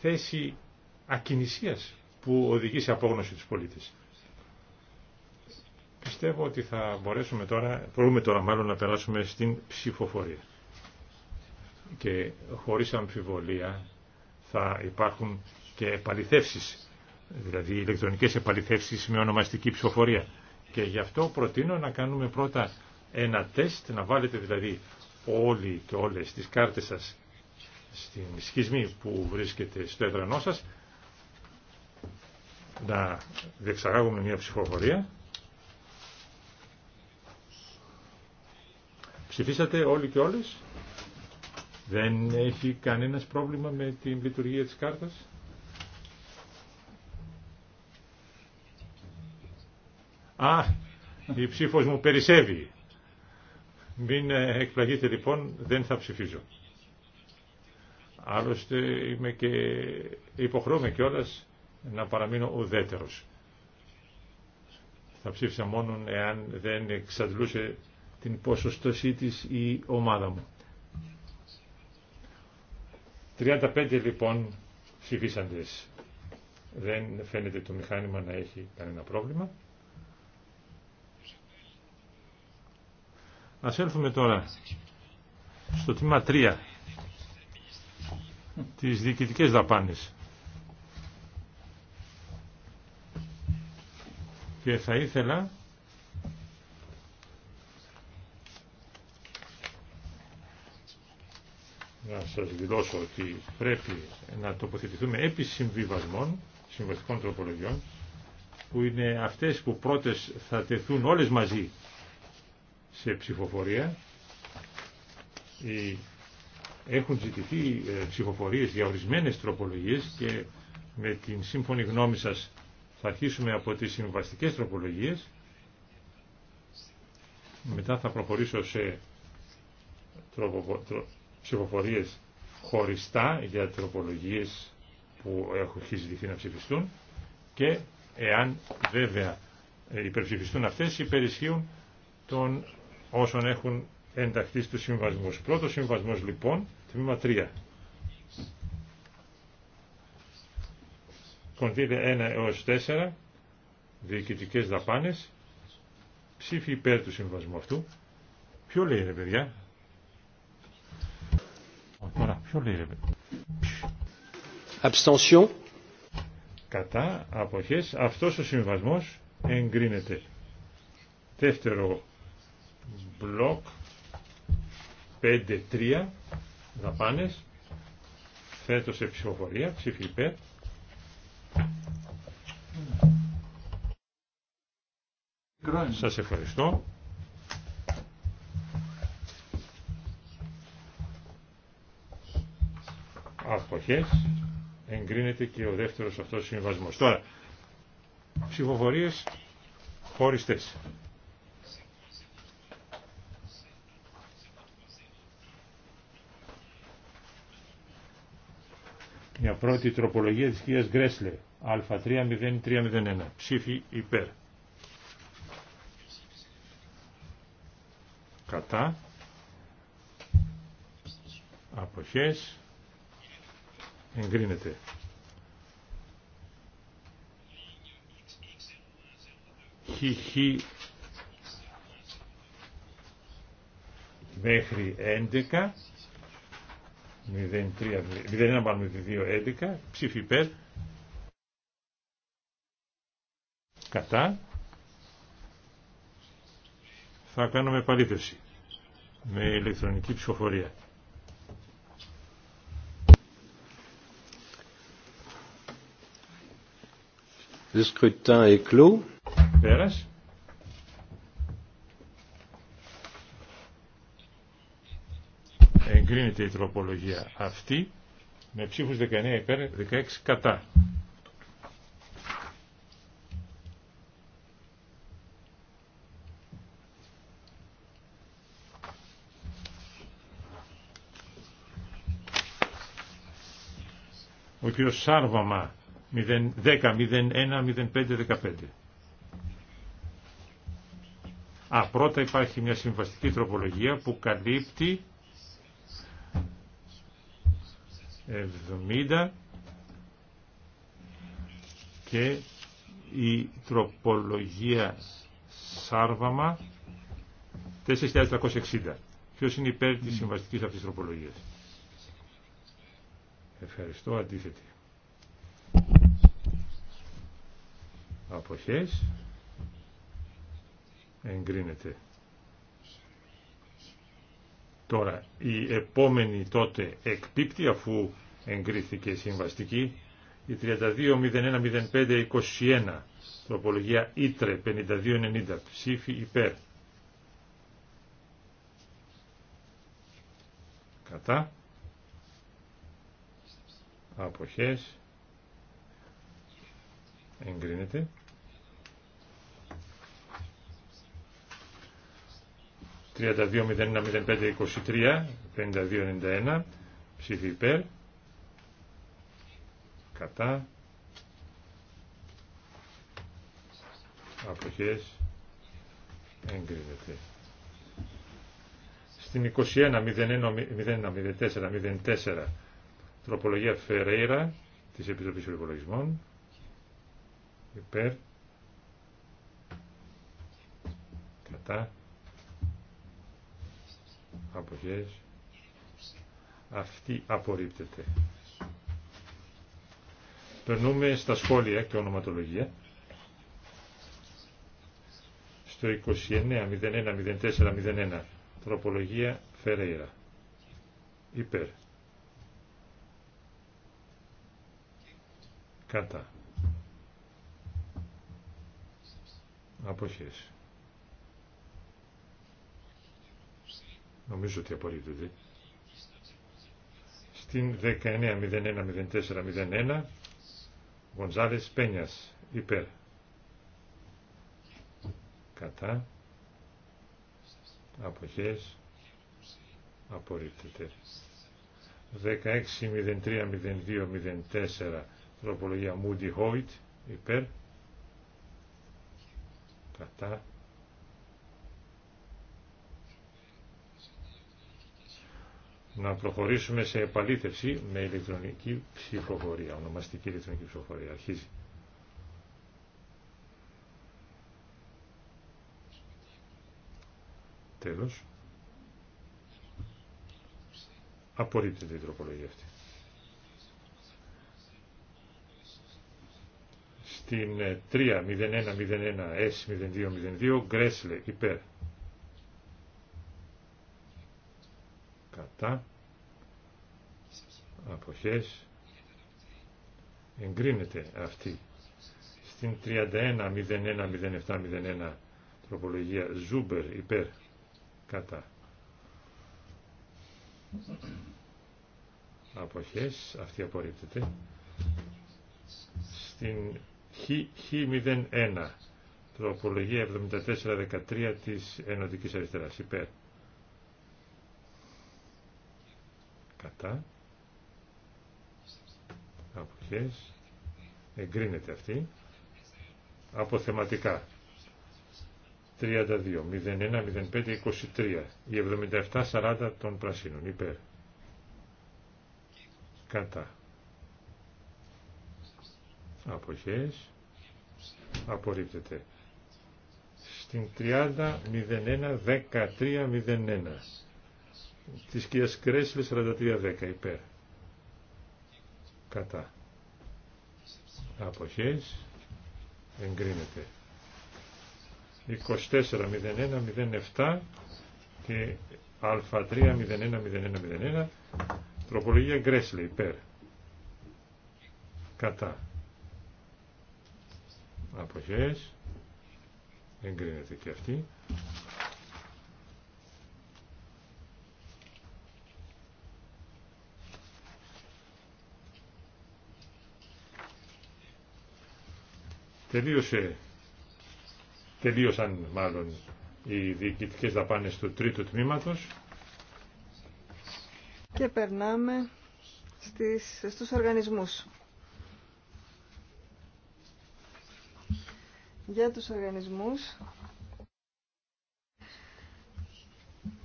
θέση ακινησίας που οδηγεί σε απόγνωση τους πολίτες. Πιστεύω ότι θα μπορέσουμε τώρα, μπορούμε τώρα μάλλον να περάσουμε στην ψηφοφορία. Και χωρίς αμφιβολία θα υπάρχουν και επαληθεύσεις, δηλαδή ηλεκτρονικές επαληθεύσεις με ονομαστική ψηφοφορία. Και γι' αυτό προτείνω να κάνουμε πρώτα ένα τεστ, να βάλετε δηλαδή όλοι και όλες τις κάρτες σας στην σχισμή που βρίσκεται στο έδρανό σας, να διεξαγάγουμε μια ψηφοφορία. Ψηφίσατε όλοι και όλες. Δεν έχει κανένας πρόβλημα με την λειτουργία της κάρτας. Α, η ψήφος μου περισσεύει. Μην ε, εκπλαγείτε λοιπόν, δεν θα ψηφίζω. Άλλωστε είμαι και υποχρεώμαι κιόλα να παραμείνω ουδέτερος. Θα ψήφισα μόνον εάν δεν εξαντλούσε την ποσοστοσή της η ομάδα μου. 35 λοιπόν ψηφίσαντες. Δεν φαίνεται το μηχάνημα να έχει κανένα πρόβλημα. Ας έλθουμε τώρα στο τμήμα 3 τις διοικητικές δαπάνες. Και θα ήθελα να σας δηλώσω ότι πρέπει να τοποθετηθούμε επί συμβιβασμών, συμβαστικών τροπολογιών, που είναι αυτές που πρώτες θα τεθούν όλες μαζί σε ψηφοφορία. Έχουν ζητηθεί ε, ψηφοφορίες για ορισμένες τροπολογίες και με την σύμφωνη γνώμη σας θα αρχίσουμε από τις συμβαστικές τροπολογίες. Μετά θα προχωρήσω σε ψηφοφορίες χωριστά για τροπολογίες που έχουν ζητηθεί να ψηφιστούν και εάν βέβαια ε, υπερψηφιστούν αυτές υπερισχύουν των όσων έχουν ενταχθεί στους συμβασμούς. Πρώτος συμβασμός λοιπόν, τμήμα 3. Κονδύλια 1 έως 4, διοικητικές δαπάνες, ψήφι υπέρ του συμβασμού αυτού. Ποιο λέει ρε παιδιά. Τώρα, ποιο λέει ρε παιδιά. Abstention. Κατά αποχές, αυτός ο συμβασμός εγκρίνεται. Δεύτερο μπλοκ 5-3 δαπάνε, θέτω σε ψηφοφορία ψήφι υπέρ Σας ευχαριστώ. Αποχέ, εγκρίνεται και ο δεύτερος αυτός συμβασμός. Τώρα, ψηφοφορίες χωριστές. Μια πρώτη τροπολογία της κυρίας Γκρέσλε, α30301, ψήφι υπέρ. Κατά. Αποχές. Εγκρίνεται. Χιχι μέχρι 11 0-1 βάλουμε 2-11 ψήφι υπέρ κατά θα κάνουμε παρήθεση με ηλεκτρονική ψηφοφορία Le scrutin est clos. Pérasse. Εγκρίνεται η τροπολογία αυτή με ψήφους 19 υπέρ, 16 κατά. Ο κ. Σάρβαμα 10-01-05-15. Α, πρώτα υπάρχει μια συμβαστική τροπολογία που καλύπτει 70 και η τροπολογία Σάρβαμα 4.360. Ποιος είναι υπέρ της συμβαστικής αυτής της τροπολογίας. Ευχαριστώ. Αντίθετη. Αποχές. Εγκρίνεται. Τώρα, η επόμενη τότε εκπίπτει αφού εγκρίθηκε η συμβαστική, η 32.01.05.21, τροπολογία Ήτρε 52.90, ψήφι υπέρ. Κατά. Αποχές. Εγκρίνεται. 32-01-05-23 52-91 ψήφι υπέρ κατά αποχές εγκρίνεται. Στην 21-01-04-04 τροπολογία Φεραίρα της Επιτροπής Υπολογισμών υπέρ κατά αποχές αυτή απορρίπτεται. Περνούμε στα σχόλια και ονοματολογία. Στο 29.01.04.01 τροπολογία Φερέιρα. Υπέρ. Κατά. Αποχές. Νομίζω ότι απορρίπτεται. Στην 19.01.04.01 Γονζάλες Πένιας υπέρ. Κατά. Αποχές. Απορρίπτεται. 16.03.02.04 Τροπολογία Μούντι Χόιτ υπέρ. Κατά να προχωρήσουμε σε επαλήθευση με ηλεκτρονική ψηφοφορία, ονομαστική ηλεκτρονική ψηφοφορία. Αρχίζει. Τέλος. Απορρίπτεται η τροπολογία αυτή. Στην 3.01.01 ε, S0202 Γκρέσλε υπέρ. κατά αποχές εγκρίνεται αυτή στην 31.01.07.01 τροπολογία Ζούμπερ υπέρ κατά αποχές αυτή απορρίπτεται στην Χ01 τροπολογία 74.13 της Ενωτικής Αριστεράς υπέρ κατά αποχές εγκρίνεται αυτή αποθεματικά 32 01 05 23 η 77 40 των πρασίνων υπέρ κατά αποχές απορρίπτεται στην 30 01 13 01 της κυρίας Κρέσλη 43-10 υπέρ κατά αποχές εγκρίνεται 24-01-07 και α3-01-01-01 τροπολογία Κρέσλη υπέρ κατά αποχές εγκρίνεται και αυτή Τελείωσε, τελείωσαν μάλλον οι διοικητικέ δαπάνε του τρίτου τμήματος. Και περνάμε στις, στους οργανισμούς. Για τους οργανισμούς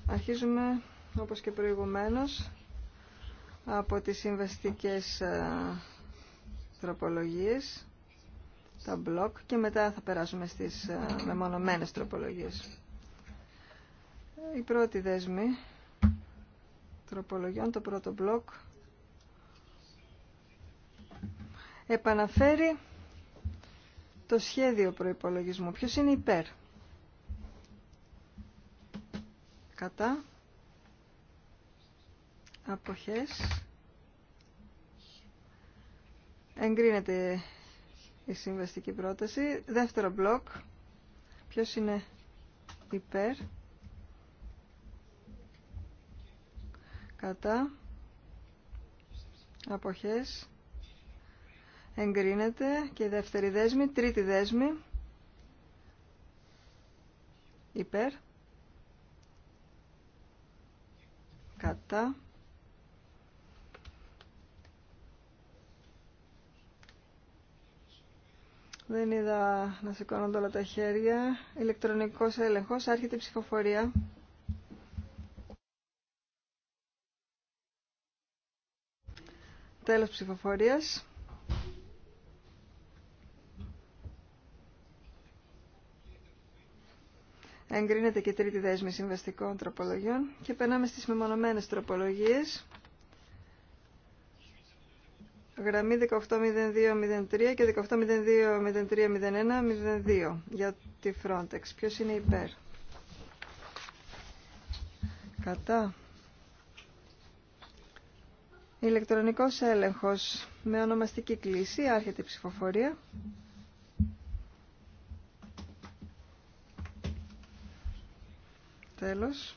αρχίζουμε όπως και προηγουμένως από τις συμβαστικές ε, τροπολογίες τα μπλοκ και μετά θα περάσουμε στις ε, μεμονωμένες τροπολογίες. Η πρώτη δέσμη τροπολογιών, το πρώτο μπλοκ, επαναφέρει το σχέδιο προϋπολογισμού. Ποιος είναι υπέρ. Κατά. Αποχές. Εγκρίνεται η συμβαστική πρόταση. Δεύτερο μπλοκ. Ποιος είναι υπέρ. Κατά. Αποχές. Εγκρίνεται. Και η δεύτερη δέσμη. Τρίτη δέσμη. Υπέρ. Κατά. Δεν είδα να σηκώνονται όλα τα χέρια. Ηλεκτρονικός έλεγχος. Άρχεται η ψηφοφορία. Τέλος ψηφοφορίας. Εγκρίνεται και τρίτη δέσμη συμβαστικών τροπολογιών και περνάμε στις μεμονωμένες τροπολογίες γραμμή 180203 και 1802030102 για τη Frontex. Ποιος είναι υπέρ. Κατά. Ηλεκτρονικός έλεγχος με ονομαστική κλίση, άρχεται η ψηφοφορία. Τέλος.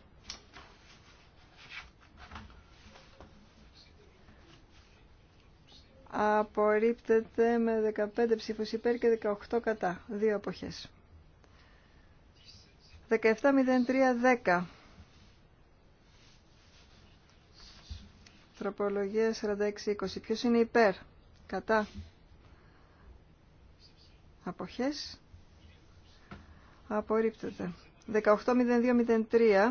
απορρίπτεται με 15 ψήφους υπέρ και 18 κατά. Δύο αποχές. 17.03.10 Τροπολογία 46.20 Ποιος είναι υπέρ, κατά Αποχές Απορρίπτεται 18.02.03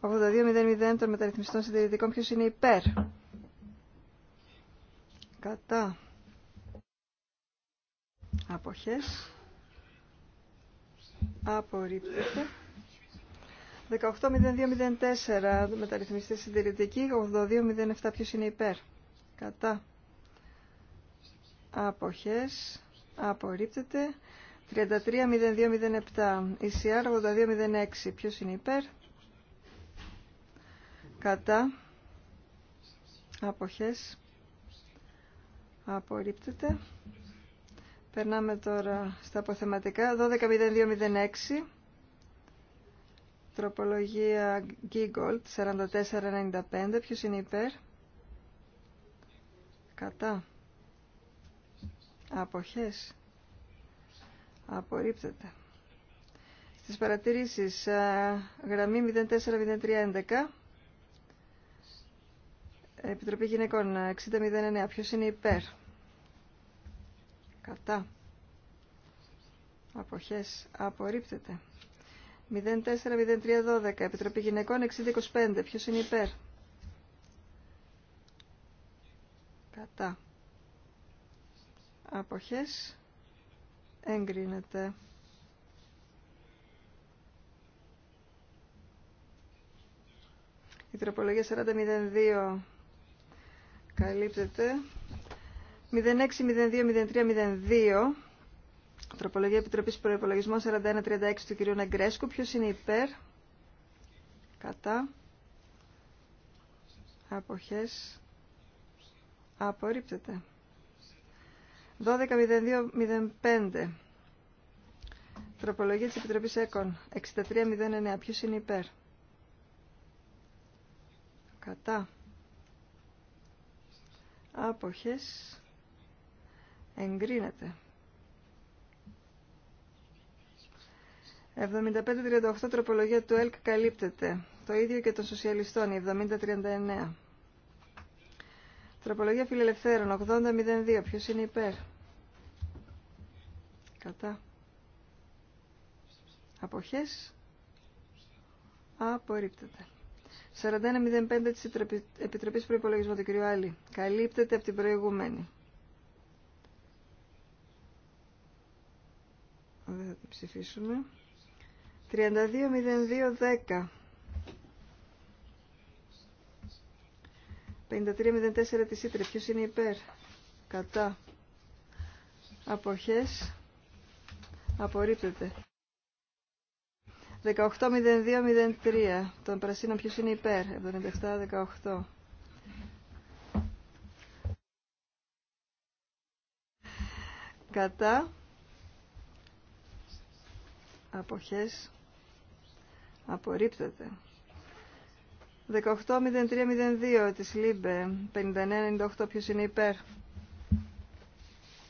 82.00 των μεταρρυθμιστών συντηρητικών ποιος είναι υπέρ κατά αποχές απορρίπτεται 18.02.04 μεταρρυθμιστή συντηρητική 82.07 ποιος είναι υπέρ κατά αποχές απορρίπτεται 33.02.07 ECR 82.06 ποιος είναι υπέρ κατά αποχές Απορρίπτεται. Περνάμε τώρα στα αποθεματικά. 12.02.06. Τροπολογία Giggold 44.95. Ποιος είναι υπέρ. Κατά. Αποχές. Απορρίπτεται. Στις παρατηρήσεις ε, γραμμή 040311 Επιτροπή Γυναικών 6009 ε, ποιος είναι υπέρ κατά αποχές απορρίπτεται 040312 Επιτροπή Γυναικών 625. ποιος είναι υπέρ κατά αποχές εγκρίνεται η τροπολογία 4002 καλύπτεται 06-02-03-02 Τροπολογία Επιτροπής Προϋπολογισμών 41-36 του κ. Νεγκρέσκου. Ποιος είναι υπέρ? Κατά. Αποχές. Απορρίπτεται. 12-02-05 Τροπολογία της Επιτροπής ΕΚΟΝ 63-09. Ποιος είναι υπέρ? Κατά. Άποχες εγκρινεται 7538 τροπολογία του ΕΛΚ καλύπτεται. Το ίδιο και των σοσιαλιστών, 70-39. Τροπολογία φιλελευθέρων, 80-02. Ποιος είναι υπέρ. Κατά. Αποχές. Απορρίπτεται. 41-05 της Επιτροπής Προϋπολογισμού του κ. Άλλη. Καλύπτεται από την προηγούμενη. Δεν θα ψηφίσουμε. 32.02.10 53.04 τη Ήτρε. Ποιος είναι υπέρ. Κατά. Αποχές. Απορρίπτεται. 18.02.03 Τον πράσινο ποιος είναι υπέρ. 77.18. Κατά αποχές απορρίπτεται. 18.03.02 της ΛΥΜΠΕ 59.98 ποιος είναι υπέρ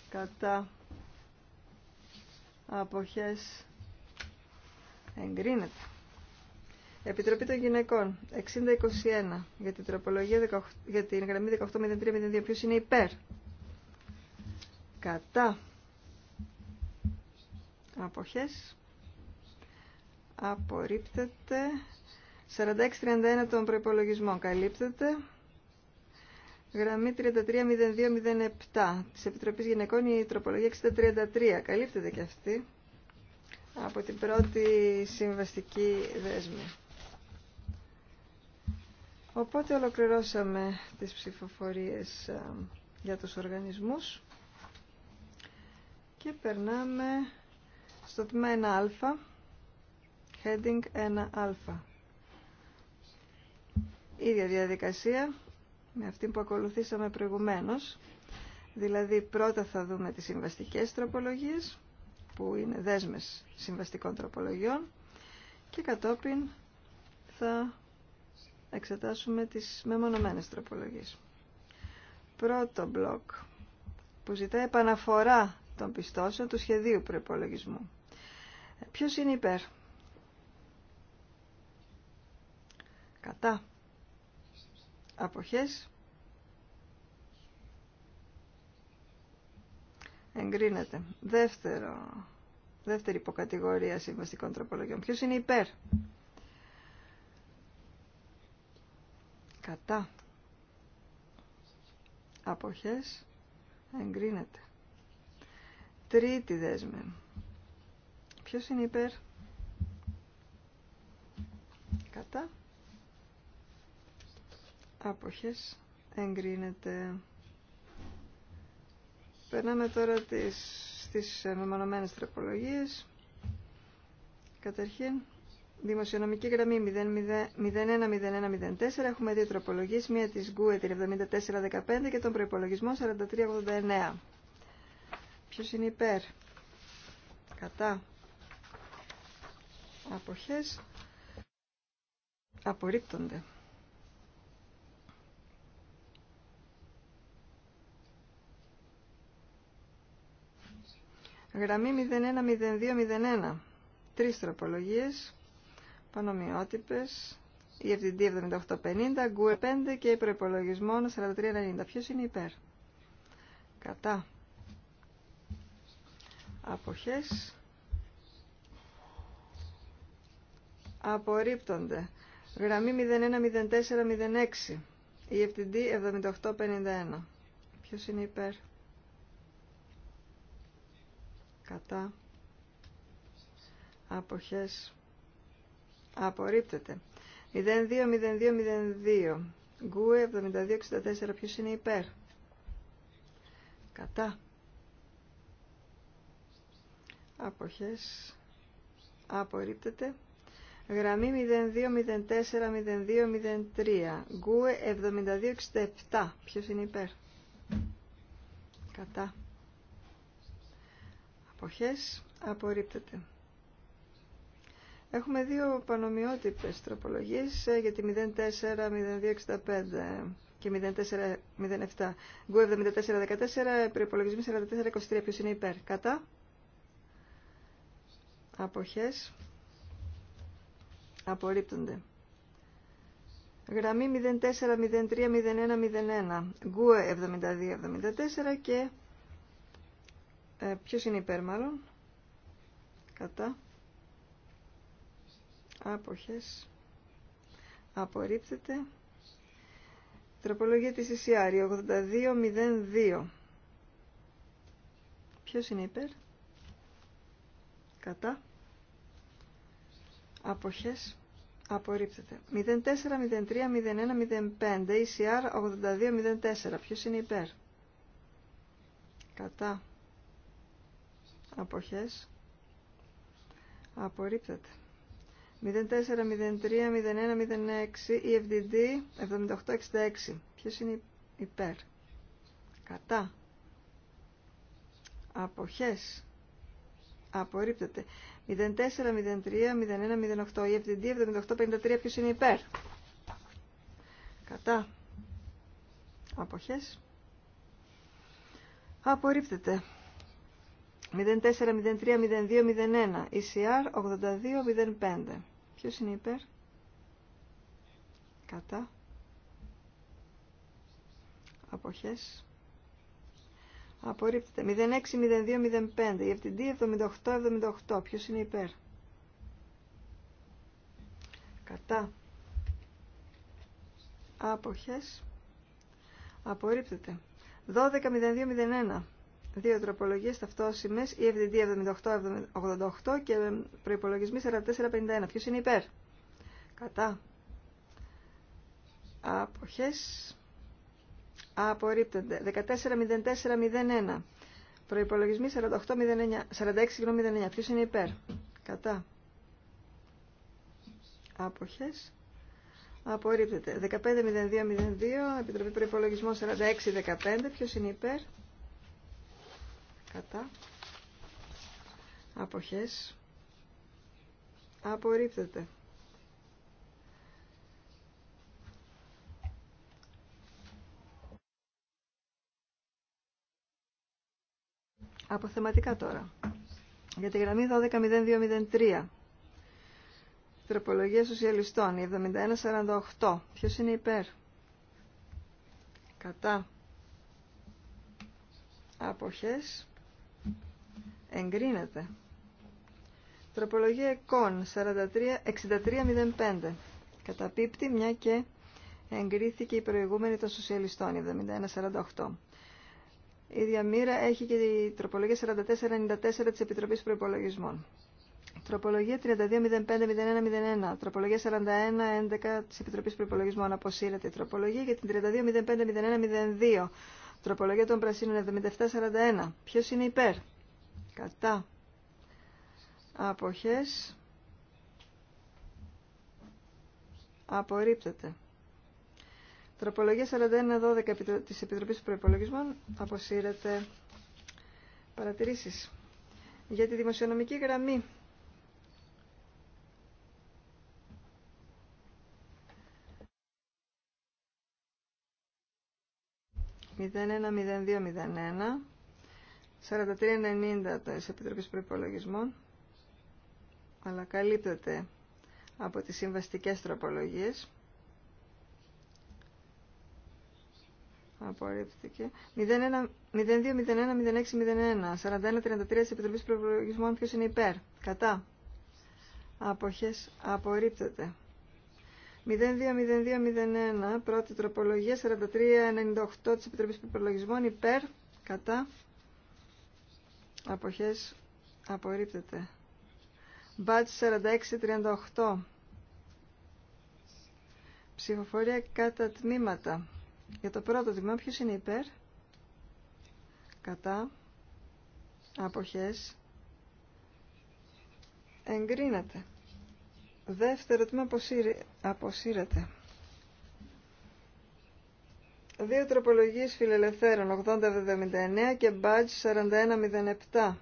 κατά αποχές εγκρίνεται. Επιτροπή των γυναικων 60.21. για την τροπολογία για την γραμμή 18.03.02 ποιος είναι υπέρ κατά αποχές απορρίπτεται. 4631 των προϋπολογισμών καλύπτεται. Γραμμή 330207 της Επιτροπής Γυναικών η τροπολογία 633 καλύπτεται και αυτή από την πρώτη συμβαστική δέσμη. Οπότε ολοκληρώσαμε τις ψηφοφορίες ε, για τους οργανισμούς και περνάμε στο τμήμα 1α Heading 1α. Ίδια διαδικασία με αυτή που ακολουθήσαμε προηγουμένως. Δηλαδή πρώτα θα δούμε τις συμβαστικές τροπολογίες που είναι δέσμες συμβαστικών τροπολογιών και κατόπιν θα εξετάσουμε τις μεμονωμένες τροπολογίες. Πρώτο μπλοκ που ζητά επαναφορά των πιστώσεων του σχεδίου προπολογισμού. Ποιος είναι υπέρ κατά αποχές εγκρίνεται. Δεύτερο, δεύτερη υποκατηγορία συμβαστικών τροπολογιών. Ποιος είναι υπέρ. Κατά. Αποχές. Εγκρίνεται. Τρίτη δέσμη. Ποιος είναι υπέρ. Κατά άποχες εγκρίνεται. Περνάμε τώρα τις, στις μεμονωμένες τροπολογίες. Καταρχήν, δημοσιονομική γραμμή 010104. Έχουμε δύο τροπολογίες, μία της ΓΚΟΕ την 7415 και τον προϋπολογισμό 4389. Ποιος είναι υπέρ. Κατά. Αποχές. Απορρίπτονται. Γραμμή 010201. Τρεις τροπολογίες, πανομοιότυπες, η FDD 7850, GUE 5 και η προπολογισμό 4390. Ποιος είναι υπέρ. Κατά. Αποχές. Απορρίπτονται. Γραμμή 010406. Η FTD 7851. Ποιος είναι υπέρ κατά αποχές απορρίπτεται 02-02-02 γκουε 72-64 ποιος είναι υπέρ κατά αποχές απορρίπτεται γραμμή 02-04-02-03 γκουε 72-67 ποιος είναι υπέρ κατά Αποχές απορρίπτεται. Έχουμε δύο πανομοιότυπες τροπολογίες ε, για τη 04-0265 και 04-07. Γκου 74-14, προϋπολογισμοί 44-23. Ποιος είναι υπέρ. Κατά. Αποχές. Απορρίπτονται. Γραμμή 04-03-01-01. Γκου 72-74 και ε, ποιος είναι υπέρ μάλλον. Κατά. Άποχες. Απορρίπτεται. Τροπολογία της ΕΣΥΑΡΙ 8202. Ποιος είναι υπέρ. Κατά. Αποχές. Απορρίπτεται. 04-03-01-05 ECR 82-04. Ποιος είναι υπέρ. Κατά αποχές απορρίπτεται 04, 03, 01, 06 EFDD 7866 ποιος είναι υπέρ κατά αποχές απορρίπτεται 04, 03, 01, 08 EFDD 7853 ποιος είναι υπέρ κατά αποχές απορρίπτεται 04, 03, 02, 01. ECR 82, 05. Ποιος είναι υπέρ? Κατά. Αποχές. Απορρίπτεται. 06, 02, 05. Η FTD 78, 78. Ποιος είναι υπέρ? Κατά. Αποχές. Απορρίπτεται. 12, 02, 01 δύο τροπολογίε ταυτόσημες, η FDD 7888 και προυπολογισμοι 4451. 44-51. Ποιος είναι υπέρ? Κατά. 140401. Απορρίπτονται. 4609. προυπολογισμοι Προϋπολογισμοί είναι υπέρ? Κατά. απορριπτεται 150202. επιτροπη προπολογισμών 4615. 46-15. είναι υπέρ? κατά αποχές απορρίπτεται. Αποθεματικά τώρα. Για τη γραμμή 120203. Τροπολογία σοσιαλιστών, 7148. Ποιος είναι υπέρ. Κατά. Αποχές. Εγκρίνεται. Τροπολογία ΕΚΟΝ 6305. Καταπίπτει μια και εγκρίθηκε η προηγούμενη των σοσιαλιστών 48. Η μοίρα έχει και η τροπολογία 4494 της Επιτροπής Προϋπολογισμών. Τροπολογία 3205-0101. Τροπολογία 41.11 της Επιτροπής Προϋπολογισμών. Αποσύρεται η τροπολογία για την 3205-0102. Τροπολογία των Πρασίνων 77.41. Ποιος είναι υπέρ κατά αποχές απορρίπτεται. Τροπολογία 41-12 της Επιτροπής Προϋπολογισμών αποσύρεται παρατηρήσεις. Για τη δημοσιονομική γραμμή μηδέν 4390 της Επιτροπής Προϋπολογισμών αλλά καλύπτεται από τις συμβαστικές τροπολογίες απορρίφθηκε 02-01-06-01 41-33 της Επιτροπής Προϋπολογισμών ποιος είναι υπέρ κατά αποχές απορρίπτεται 02-02-01 πρώτη τροπολογία 43-98 της Επιτροπής Προϋπολογισμών υπέρ κατά Αποχές απορρίπτεται. Μπάτς Ψηφοφορία κατά τμήματα. Για το πρώτο τμήμα ποιος είναι υπέρ. Κατά. Αποχές. Εγκρίνατε. Δεύτερο τμήμα αποσύρεται. Δύο τροπολογίε φιλελευθέρων, 8079 και badge 4107.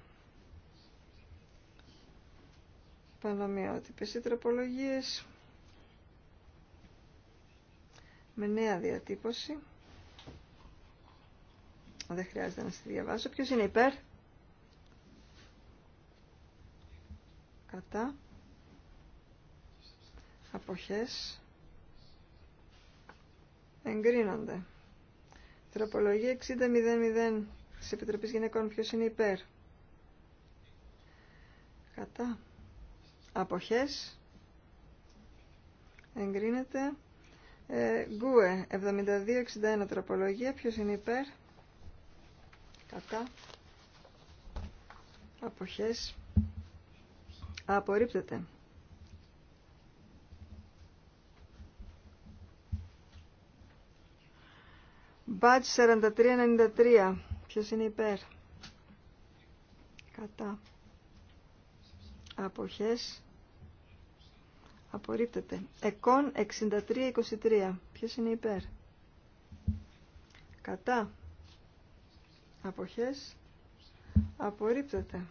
Πανομοιότυπε οι τροπολογίε με νέα διατύπωση. Δεν χρειάζεται να στη διαβάσω. Ποιο είναι υπέρ? Κατά. Αποχές. Εγκρίνονται. Τροπολογία 60.00 της Επιτροπής Γυναικών. Ποιος είναι υπέρ. Κατά. Αποχές. Εγκρίνεται. Ε, Γκουε. 72.61 τροπολογία. Ποιος είναι υπέρ. Κατά. Αποχές. Απορρίπτεται. Μπάτζ 4393. Ποιος είναι υπέρ. Κατά. Αποχές. Απορρίπτεται. Εκόν 6323. Ποιος είναι υπέρ. Κατά. Αποχές. Απορρίπτεται.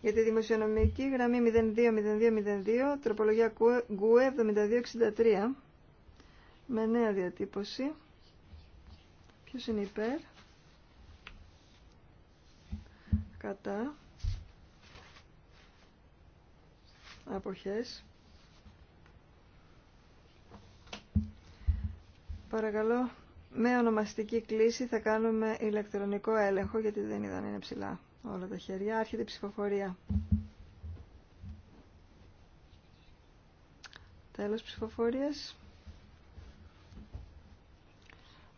Για τη δημοσιονομική γραμμή 020202, τροπολογία ΚΟΕ 7263, με νέα διατύπωση. Ποιος είναι υπέρ. Κατά. Αποχές. Παρακαλώ, με ονομαστική κλίση θα κάνουμε ηλεκτρονικό έλεγχο, γιατί δεν είδα είναι ψηλά όλα τα χέρια. Άρχεται η ψηφοφορία. Τέλος ψηφοφορίας.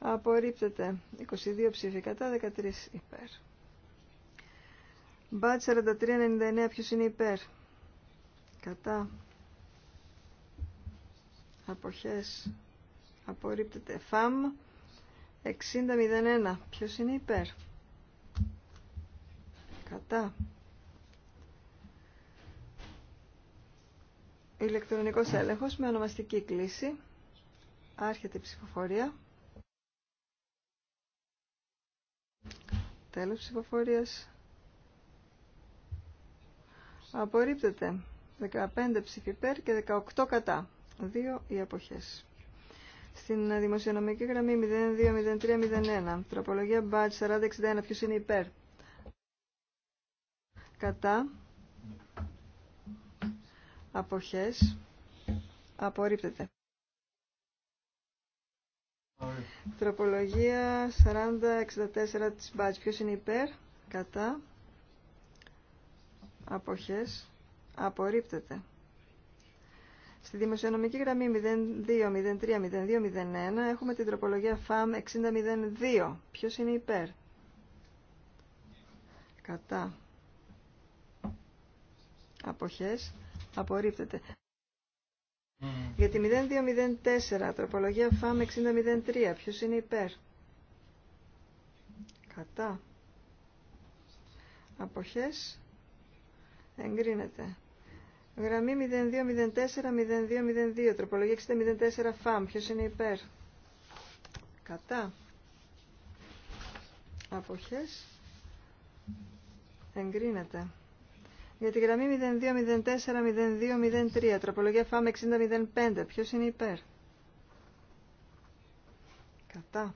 Απορρίπτεται. 22 ψήφοι κατά, 13 υπέρ. Μπατ 4399, ποιος είναι υπέρ. Κατά. Αποχές. Απορρίπτεται. Φαμ 6001, ποιος είναι υπέρ. Κατά. Ηλεκτρονικός έλεγχος με ονομαστική κλίση. Άρχεται η ψηφοφορία. Τέλος ψηφοφορίας. Απορρίπτεται. 15 ψηφιπέρ και 18 κατά. Δύο οι αποχές. Στην δημοσιονομική γραμμή 020301, τροπολογία badge 4061, ποιος είναι υπέρ. Κατά. Αποχές. Απορρίπτεται. Τροπολογία 40-64 της Μπάτς. Ποιος είναι υπέρ, κατά, αποχές, απορρίπτεται. Στη δημοσιονομική γραμμή 02-03-02-01 έχουμε την τροπολογία ΦΑΜ 60-02. Ποιος είναι υπέρ, κατά, αποχές, απορρίπτεται. Mm. Για τη 0204, τροπολογία ΦΑΜ 6003, ποιος είναι υπέρ. Κατά. Αποχές. Εγκρίνεται. Γραμμή 0204-0202, τροπολογία 6004 ΦΑΜ, ποιος είναι υπέρ. Κατά. Αποχές. Εγκρίνεται. Για τη γραμμή 0203 τροπολογία ΦΑΜ 6005, Ποιο είναι υπέρ. Κατά.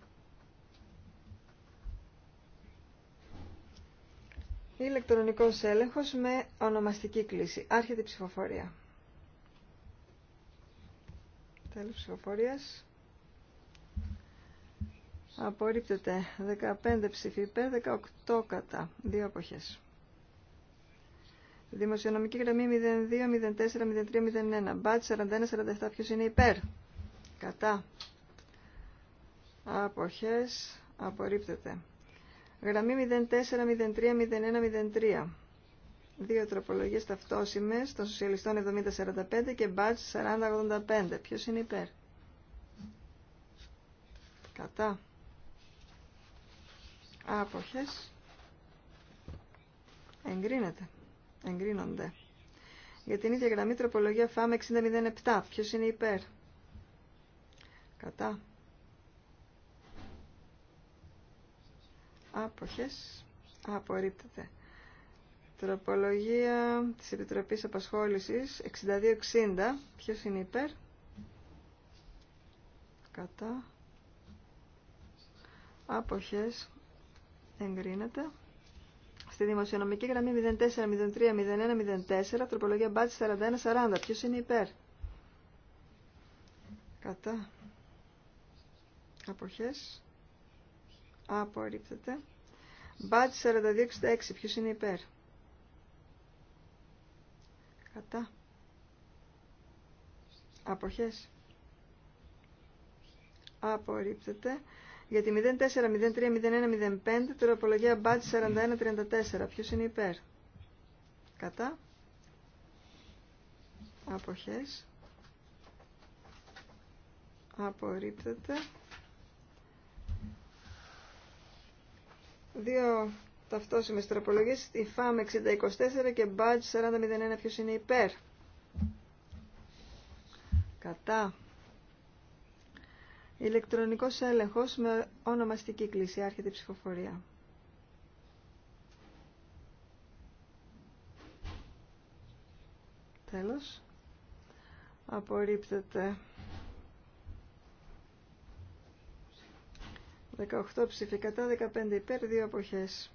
Ηλεκτρονικός έλεγχος με ονομαστική κλίση. Άρχεται η ψηφοφορία. Τέλος ψηφοφορίας. Απορρίπτεται 15 ψηφί υπέρ, 18 κατά. Δύο αποχές. Δημοσιονομική γραμμή 02, 04, 03, 01. Μπατ 41, 47. Ποιος είναι υπέρ. Κατά. Αποχές. Απορρίπτεται. Γραμμή 04, 03, 01, 03. Δύο τροπολογίες ταυτόσιμες των σοσιαλιστών 70-45 και μπατ 40-85. Ποιος είναι υπέρ. Κατά. Άποχες. Εγκρίνεται. Εγκρίνονται. Για την ίδια γραμμή τροπολογία ΦΑΜ 6007. Ποιος είναι υπέρ. Κατά. Άποχες. Απορρίπτεται. Τροπολογία της Επιτροπής Απασχόλησης 6260. Ποιος είναι υπέρ. Κατά. Άποχες. Εγκρίνεται. Στη δημοσιονομική γραμμή τροπολογια μπατση 4140. 41-40. Ποιος είναι υπέρ. Κατά. Αποχές. Απορρίπτεται. 4266. 42-66. Ποιος είναι υπέρ. Κατά. Αποχέ. Απορρίπτεται. Για τη 04, 03, 01, 05, τροπολογία μπάτ 41, 34. Ποιος είναι υπέρ. Κατά. Αποχές. Απορρίπτεται. Δύο ταυτόσιμες τροπολογίες, η FAM 6024 και BADGE 4001, ποιος είναι υπέρ. Κατά. Ηλεκτρονικός έλεγχος με ονομαστική κλίση. Άρχεται η ψηφοφορία. Τέλος. Απορρίπτεται. 18 ψήφοι κατά, 15 υπέρ, 2 αποχές.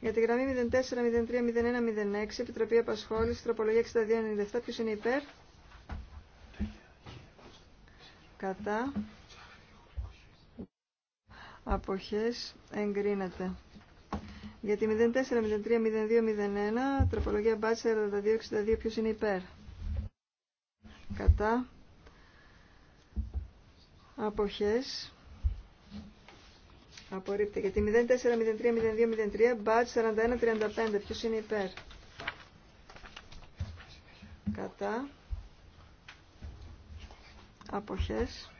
Για τη γραμμή 04-03-01-06, Επιτροπή Απασχόληση, Τροπολογία 62-97, ποιος είναι υπέρ, κατά αποχές εγκρίνεται. Για τη 04, 03, 02, 01, τροπολογία μπάτσα 42, 62, ποιος είναι υπέρ. Κατά αποχές απορρίπτεται. Για τη 04, 03, 02, 03, μπάτς 41, 35, ποιος είναι υπέρ. Κατά αποχές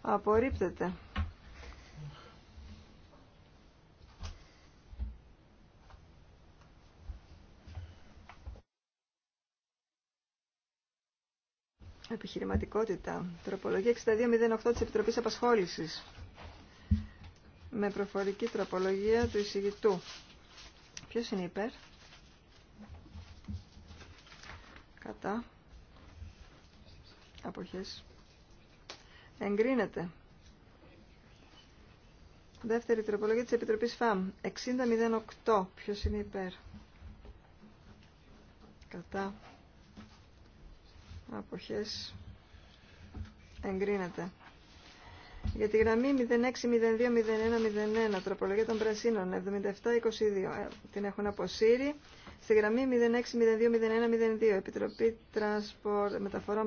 απορρίπτεται. Επιχειρηματικότητα. Τροπολογία 6208 της Επιτροπής Απασχόλησης. Με προφορική τροπολογία του εισηγητού. Ποιος είναι υπέρ? Κατά αποχές εγκρίνεται. Δεύτερη τροπολογία της Επιτροπής ΦΑΜ. 6008. Ποιος είναι υπέρ. Κατά. Αποχές. Εγκρίνεται. Για τη γραμμή 06020101, τροπολογία των Πρασίνων, 7722, ε, την έχουν αποσύρει. Στη γραμμή 06-02-01-02, Επιτροπή Transport Μεταφορών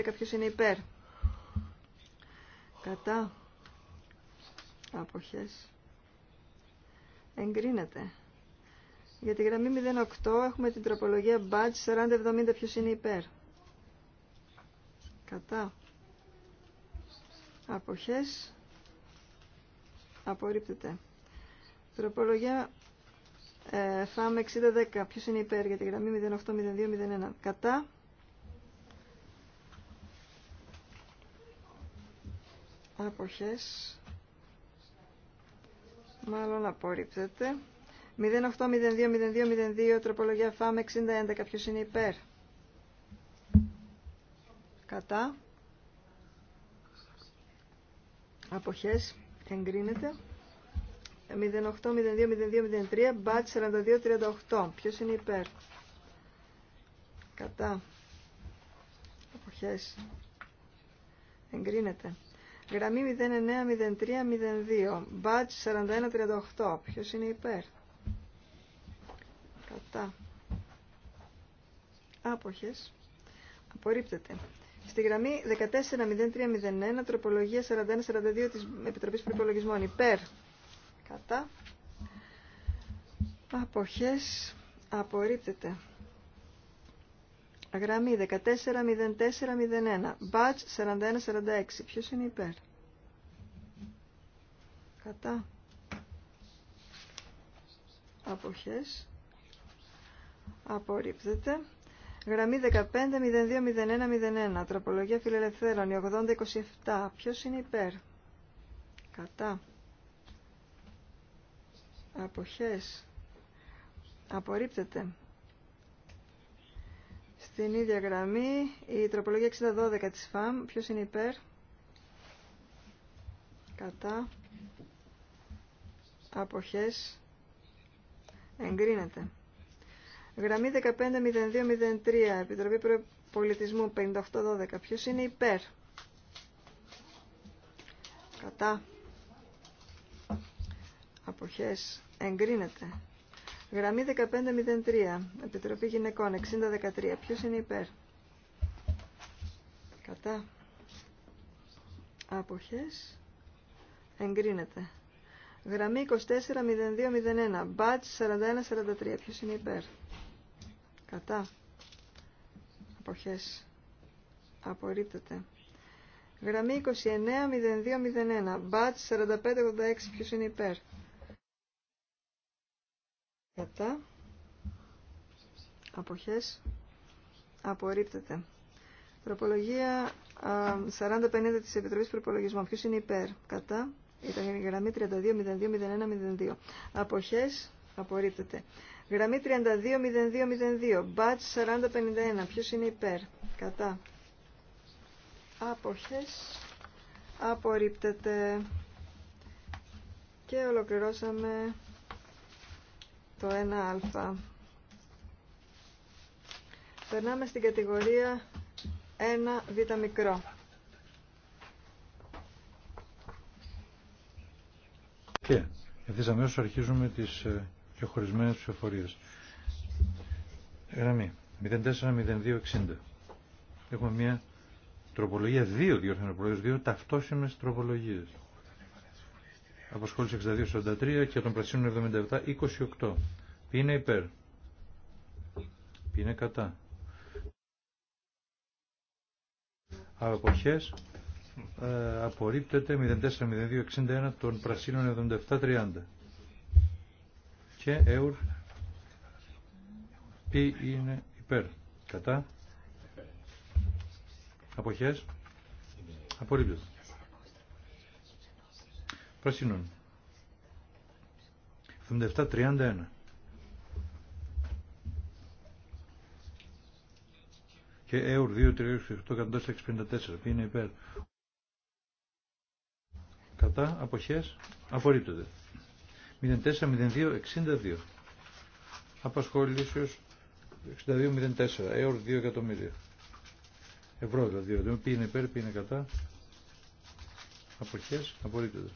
56-11, ποιος είναι υπέρ. Κατά. Αποχές. Εγκρίνεται. Για τη γραμμή 08 έχουμε την τροπολογία badge 40-70, ποιος είναι υπέρ. Κατά. Αποχές. Απορρίπτεται. Τροπολογία ε, φάμε 60-10. Ποιος είναι υπέρ για τη γραμμή 08-02-01. Κατά. Αποχές. Μάλλον απορρίπτεται. 08-02-02-02. Τροπολογία φάμε 60-11. Ποιος είναι υπέρ. Κατά. Αποχές. Εγκρίνεται. 08-02-02-03 μπατ 42-38 ποιος είναι υπέρ κατά αποχές εγκρίνεται γραμμή 09-03-02 μπατ 41-38 ποιος είναι υπέρ κατά άποχες απορρίπτεται στη γραμμή 14-03-01 τροπολογία 41-42 της Επιτροπής Προπολογισμών υπέρ κατά αποχές απορρίπτεται γραμμή Batch 41-46. ποιος είναι υπέρ κατά αποχές απορρίπτεται Γραμμή 15-02-01-01. Τροπολογία φιλελευθέρων. 80-27. Ποιος είναι υπέρ. Κατά αποχές απορρίπτεται στην ίδια γραμμή η τροπολογία 612 της ΦΑΜ ποιος είναι υπέρ κατά αποχές εγκρίνεται γραμμή 150203 Επιτροπή Πολιτισμού 5812 ποιος είναι υπέρ κατά αποχές Εγκρίνεται. Γραμμή 1503. Επιτροπή Γυναικών 6013. Ποιος είναι υπέρ. Κατά. Αποχές. Εγκρίνεται. Γραμμή 240201. Μπάτς 4143. Ποιος είναι υπέρ. Κατά. Αποχές. Απορρίπτεται. Γραμμή 290201. Μπάτς 4586. Ποιος είναι υπέρ. Κατά. Αποχές. Απορρίπτεται. Τροπολογία 40-50 της Επιτροπής Προπολογισμών. Ποιος είναι υπέρ. Κατά. Ήταν η γραμμή 32-02-01-02. Αποχές. Απορρίπτεται. Γραμμή 32-02-02. Μπατ 40-51. Ποιος είναι υπέρ. Κατά. Αποχές. Απορρίπτεται. Και ολοκληρώσαμε το 1α. Περνάμε στην κατηγορία 1β μικρό. Και ευθύς αμέσως αρχίζουμε τις ε, πιο χωρισμένες ψηφοφορίες. Γραμμή 040260. Έχουμε μια τροπολογία, δύο διόρθωνα προϊόντα, δύο ταυτόσιμες τροπολογίες. Αποσχόληση 62-43 και των πρασίνων 77-28. Ποιοι είναι υπέρ. Ποιοι είναι κατά. Αποχές ε, απορρίπτεται 04-02-61 των πρασίνων 77-30. Και ΕΟΥΡ ποιοι είναι υπέρ. Κατά. Αποχές. Απορρίπτεται. Πρασινών. 77-31. Και ΕΟΡ 2-3-8-14-54. που είναι υπέρ. Κατά αποχές απορρίπτονται. 04-02-62. Απασχόλησεως 62-04. έω 2 εκατομμύρια. Ευρώ δηλαδή. που είναι υπέρ, που είναι κατά. Αποχές απορρίπτονται.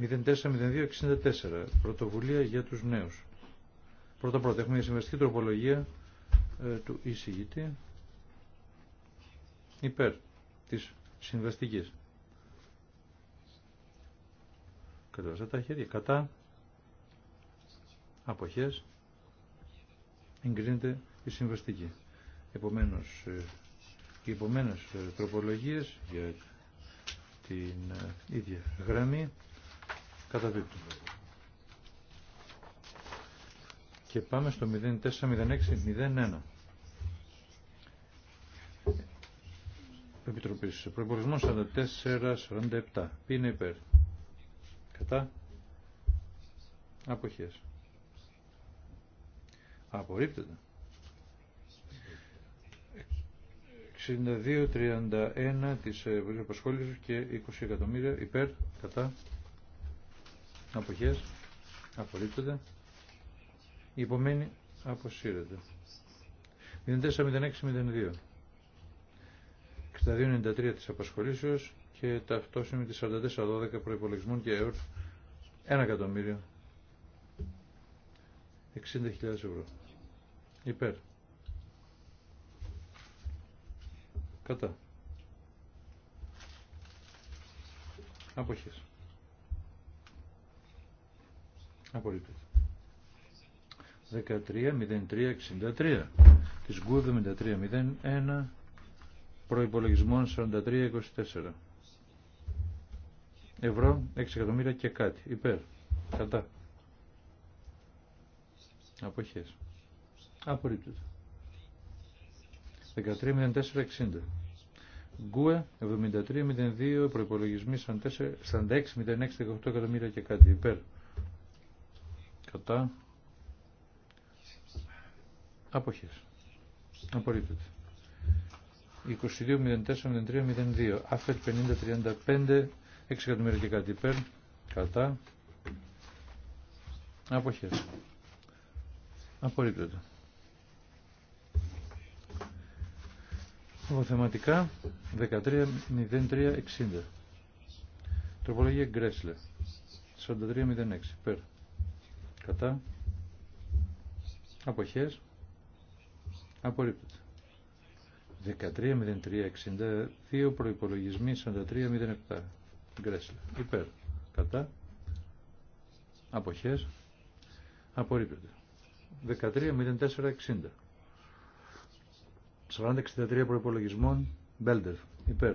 64 Πρωτοβουλία για τους νέους. Πρώτα πρώτα έχουμε μια συμβαστική τροπολογία ε, του εισηγητή υπέρ της συμβαστικής. Κατεβάσα τα χέρια. Κατά αποχές εγκρίνεται η συμβαστική. Επομένως, ε, οι επομένες ε, τροπολογίες για την ε, ίδια γραμμή Κατά καταπίπτουν. Και πάμε στο 0406-01. Επιτροπή. Προπολογισμό 44-47. Ποιοι είναι υπέρ. Κατά. Αποχέ. Απορρίπτεται. 62-31 της Ευρωπασχόλησης και 20 εκατομμύρια υπέρ, κατά, αποχές Απολύτωται. η υπομένη αποσύρεται 040602 6293 της απασχολήσεως και ταυτόσημη της 44-12 προϋπολογισμών και ευρώ 1 εκατομμύριο 60.000 ευρώ υπέρ κατά αποχές Απορρίπτεται. 13.03.63 της ΓΚΟΥ 73.01 προϋπολογισμών 43.24 ευρώ 6 εκατομμύρια και κάτι υπέρ κατά αποχές απορρίπτωτο 13.04.60 Γκουε 73.02 προϋπολογισμοί 46.06.18 εκατομμύρια και κάτι υπέρ κατά αποχές απορρίπτεται 22.04.03.02 άφετ 50.35 6 εκατομμύρια και κάτι υπέρ κατά αποχές απορρίπτεται Αποθεματικά 13.03.60 Τροπολογία Γκρέσλε 43.06 Πέρα κατά αποχές απορρίπτεται 13.03.62 προϋπολογισμοί 43.07 Γκρέσλε υπέρ κατά αποχές απορρίπτεται 13.04.60 40.63 προϋπολογισμών Μπέλτερ υπέρ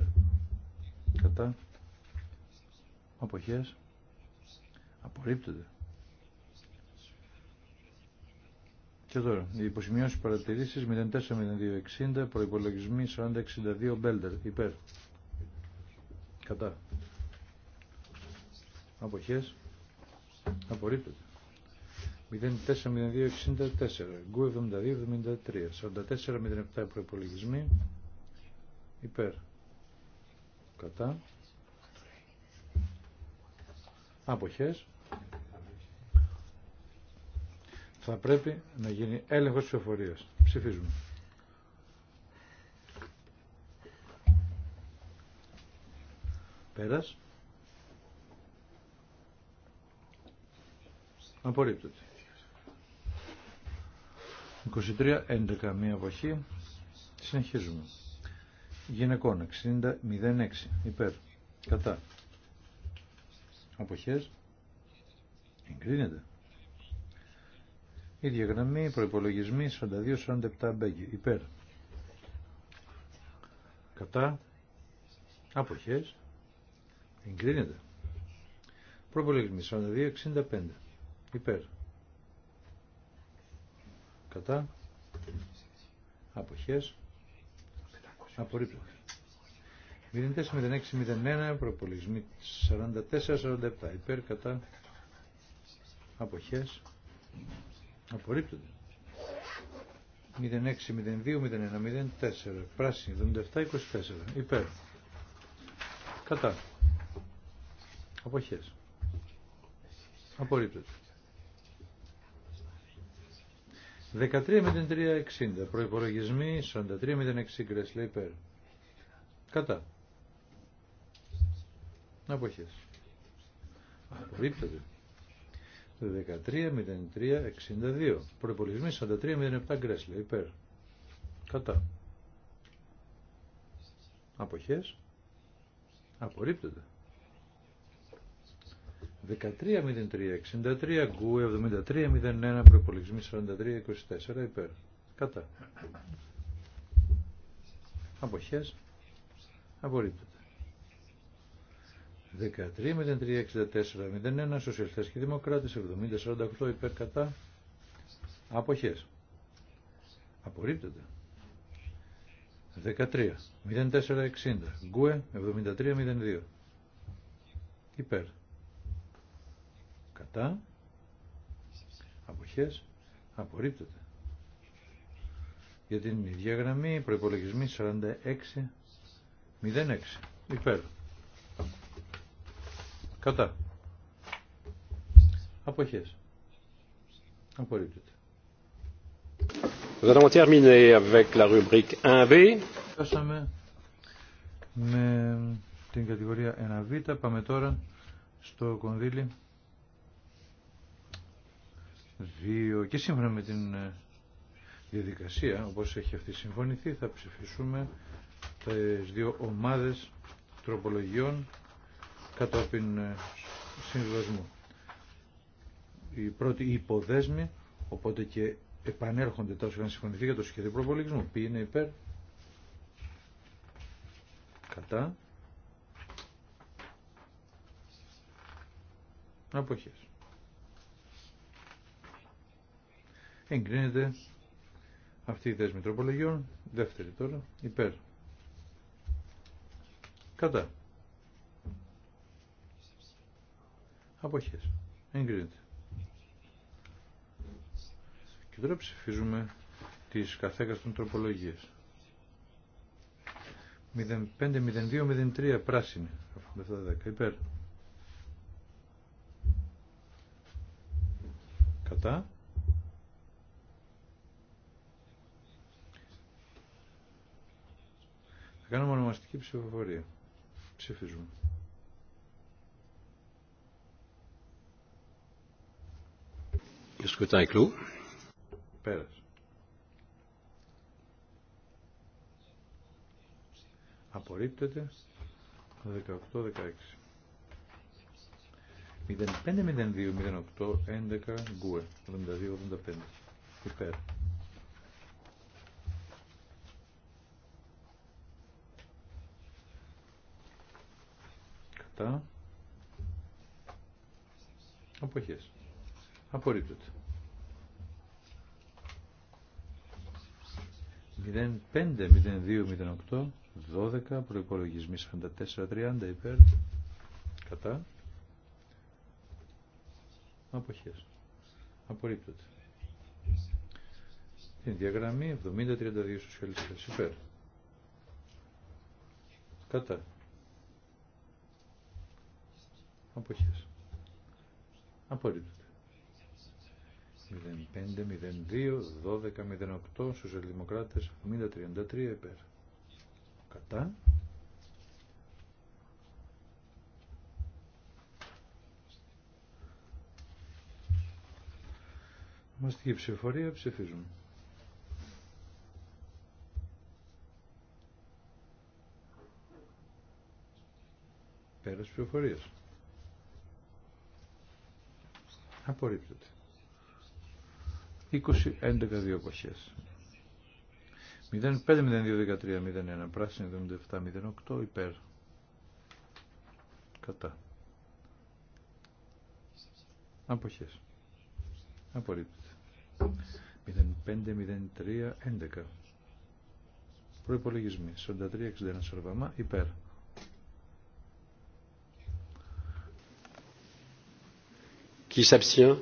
κατά αποχές απορρίπτεται Και τώρα, οι υποσημειώσει παρατηρήσει 040260, προπολογισμοί 4062 Μπέλτερ, υπέρ. Κατά. Αποχέ. Απορρίπτεται. 040264, γκου 7273, 4407 προπολογισμοί υπέρ. Κατά. Αποχέ θα πρέπει να γίνει έλεγχος ψηφοφορίας. Ψηφίζουμε. Πέρας. Απορρίπτωται. 23, 11, μία εποχή. Συνεχίζουμε. Γυναικών, 60, 06, υπέρ. Κατά. Αποχές. Εγκρίνεται. Ίδια γραμμή, προπολογισμοί 42-47 μπέγγι. Υπέρ. Κατά. Αποχές. Εγκρίνεται. Προπολογισμοί 42-65. Υπέρ. Κατά. Αποχές. Απορρίπτω. 04-06-01. Προπολογισμοί 44-47. Υπέρ. Κατά. Αποχές. Απορρίπτονται. 06, 02, 01, 04. Πράσινη, 77, 24. Υπέρ. Κατά. Αποχές. Προϋπολογισμοί Προϋπολογισμοί 06 Γκρέσλε υπέρ Κατά Αποχές Απορρίπτωται. 13-03-62. Προπολογισμή 43-07 γκρέσλε. Υπέρ. Κατά. Αποχέ. Απορρίπτεται. 13-03-63 γκου 73-01 προπολογισμή 43-24. Υπέρ. Κατά. Αποχέ. Απορρίπτεται. 13 03 Σοσιαλιστές και Δημοκράτες 70-48 υπέρ κατά Αποχές Απορρίπτεται 13-04-60 Γκουε 73-02 Υπέρ Κατά Αποχές Απορρίπτεται Για την ίδια γραμμή προϋπολογισμή 46-06 Υπέρ Κατά. Αποχές. Απορρίπτεται. Nous με την κατηγορία 1β. Πάμε τώρα στο κονδύλι 2. Και σύμφωνα με την ε, διαδικασία, όπως έχει αυτή συμφωνηθεί, θα ψηφίσουμε τις δύο ομάδες τροπολογιών κατόπιν ε, συμβιβασμού. Η πρώτη υποδέσμη, οπότε και επανέρχονται τόσο να συμφωνηθεί για το σχέδιο προπολογισμού. Ποιοι είναι υπέρ, κατά, αποχές. Εγκρίνεται αυτή η δέσμη τροπολογιών, δεύτερη τώρα, υπέρ, κατά. Αποχές. Εγκρίνεται. Και τώρα ψηφίζουμε τις καθέκας των τροπολογίες. 05-02-03 πράσινη. Αφού 10 υπέρ. Κατά. Θα κάνουμε ονομαστική ψηφοφορία. Ψηφίζουμε. Le scrutin est clos. Πέρασε. Απορρίπτεται Γκουε 72-85 Υπέρ Κατά Αποχές Απορρίπτεται. 05-02-08 12 προϋπολογισμοί 44-30 υπέρ κατά αποχές απορρίπτεται την διαγραμμή 70-32 σοσιαλιστές υπέρ κατά αποχές απορρίπτεται 05-02-12-08 Σοσιαλδημοκράτες 70-33 υπέρ κατά Είμαστε και ψηφοφορία. ψηφίζουν πέρας ψηφοφορίας απορρίπτεται 20, 11, 2 εποχές. 05, 02, 13, 01, πράσινη, 77, 08, υπέρ. Κατά. Αποχές. Απορρίπτεται. 05, 03, 11. Προϋπολογισμοί. 43, 61, σορβαμά, υπέρ. Qui s'abstient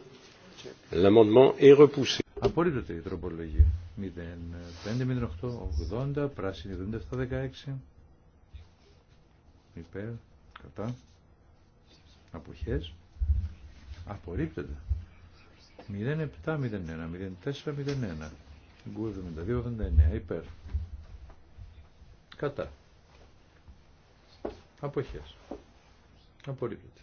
L'amendement est repoussé. Απορρίπτεται η τροπολογία. 05, 08, 80, πράσινη 77, 16. Υπέρ, κατά. Αποχές. Απορρίπτεται. 07, 01, 04, 01. Γκου 72, 89. Υπέρ. Κατά. Αποχές. Απορρίπτεται.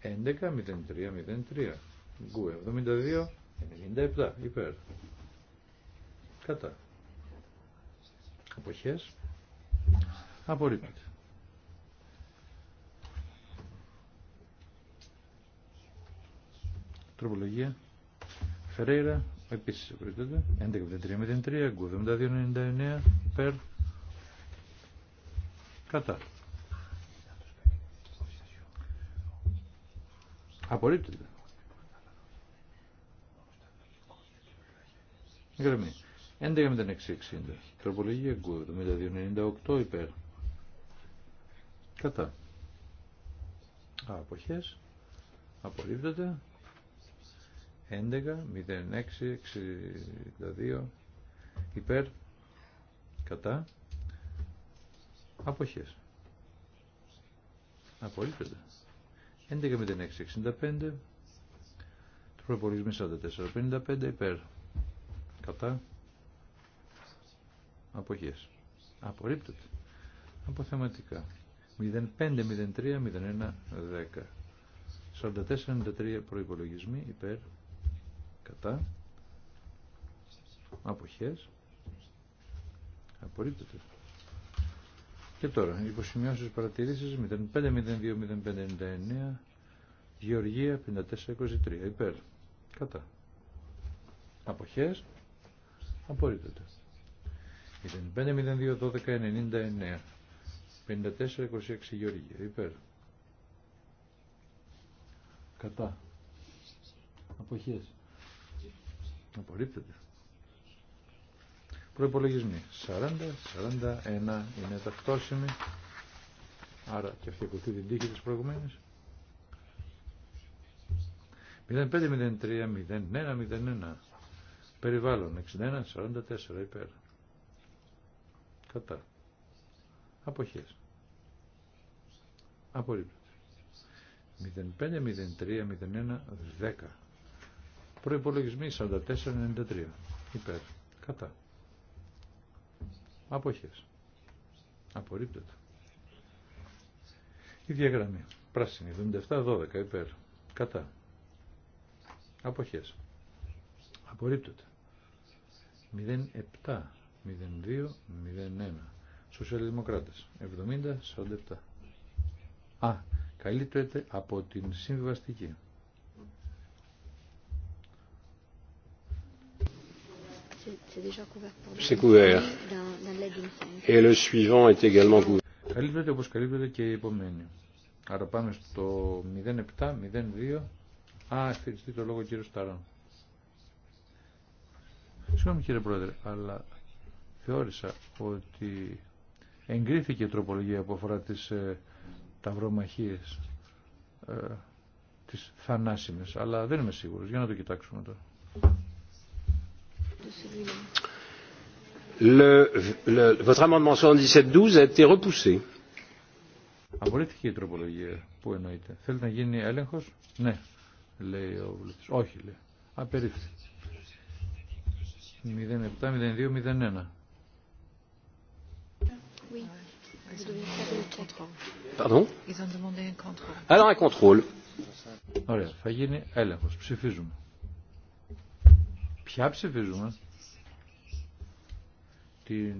11, 03, 03. Γκου 72, 97 υπέρ. Κατά. Αποχές. Απορρίπτεται. Τροπολογία. Φερέιρα. Επίσης απορρίπτεται. 11.73.03. Γκου 72.99 υπέρ. Κατά. Απορρίπτεται. Γραμμή. 11.0660. Τροπολογία Γκου. 72.98 υπέρ. Κατά. Αποχές. Απορρίπτεται. 11.0662 υπέρ. Κατά. Αποχές. Απορρίπτεται. 11.0665 Τροπολογία 44.55 υπέρ κατά αποχές απορρίπτεται αποθεματικά 05, 03, 01, 10 44-93 προϋπολογισμοί υπέρ κατά αποχές απορρίπτεται και τώρα υποσημειώσεις παρατηρήσεις 05-02-05-99 Γεωργία 54-23 υπέρ κατά αποχές απορριπτεται 05 05-02, 502-12-99. 54-26 Γεωργία. Υπέρ. Κατά. Αποχές. Απορρίπτεται. Προϋπολογισμοί. 40-41 είναι ταυτόσιμοι. Άρα και αυτή ακολουθεί την τύχη της προηγουμένης. 05-03-01-01. Περιβάλλον 61-44 υπέρ. Κατά. Αποχές. Απορρίπτεται. 05-03-01-10. Προϋπολογισμοί 44-93. Υπέρ. Κατά. Αποχές. Απορρίπτεται. Η διαγραμμή. Πράσινη 77-12. Υπέρ. Κατά. Αποχές. Απορρίπτεται. 07, 02, 01. Σοσιαλδημοκράτες. 70, 47. Α, καλύπτεται από την συμβιβαστική. C'est Καλύπτεται όπως καλύπτεται και η επόμενη. Άρα πάμε στο 07, 02. Α, ευχαριστεί το λόγο κύριο Σταράν. Συγγνώμη κύριε Πρόεδρε, αλλά θεώρησα ότι εγκρίθηκε η τροπολογία που αφορά τις ε, ταυρομαχίες, ε, τις θανάσιμες, αλλά δεν είμαι σίγουρος. Για να το κοιτάξουμε τώρα. Le, le, votre amendement a été repoussé. η τροπολογία που εννοείται. Θέλει να γίνει έλεγχος. Ναι, λέει ο βουλευτής. Όχι, λέει. Απερίφθηκε. Pardon Alors un contrôle. Ωραία, θα γίνει έλεγχο. Ψηφίζουμε. Ποια ψηφίζουμε? Την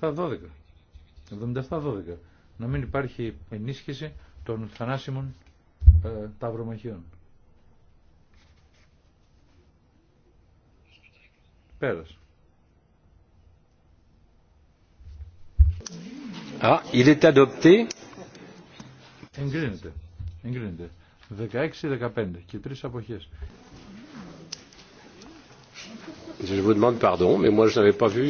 77-12. Ε, 77-12. Να μην υπάρχει ενίσχυση των θανάσιμων ε, ταυρομαχίων. Πέρας. Α, il est adopté. Εγκρίνεται. Εγκρίνεται. 16-15 και τρεις αποχές. Je vous demande pardon, mais moi je n'avais pas vu.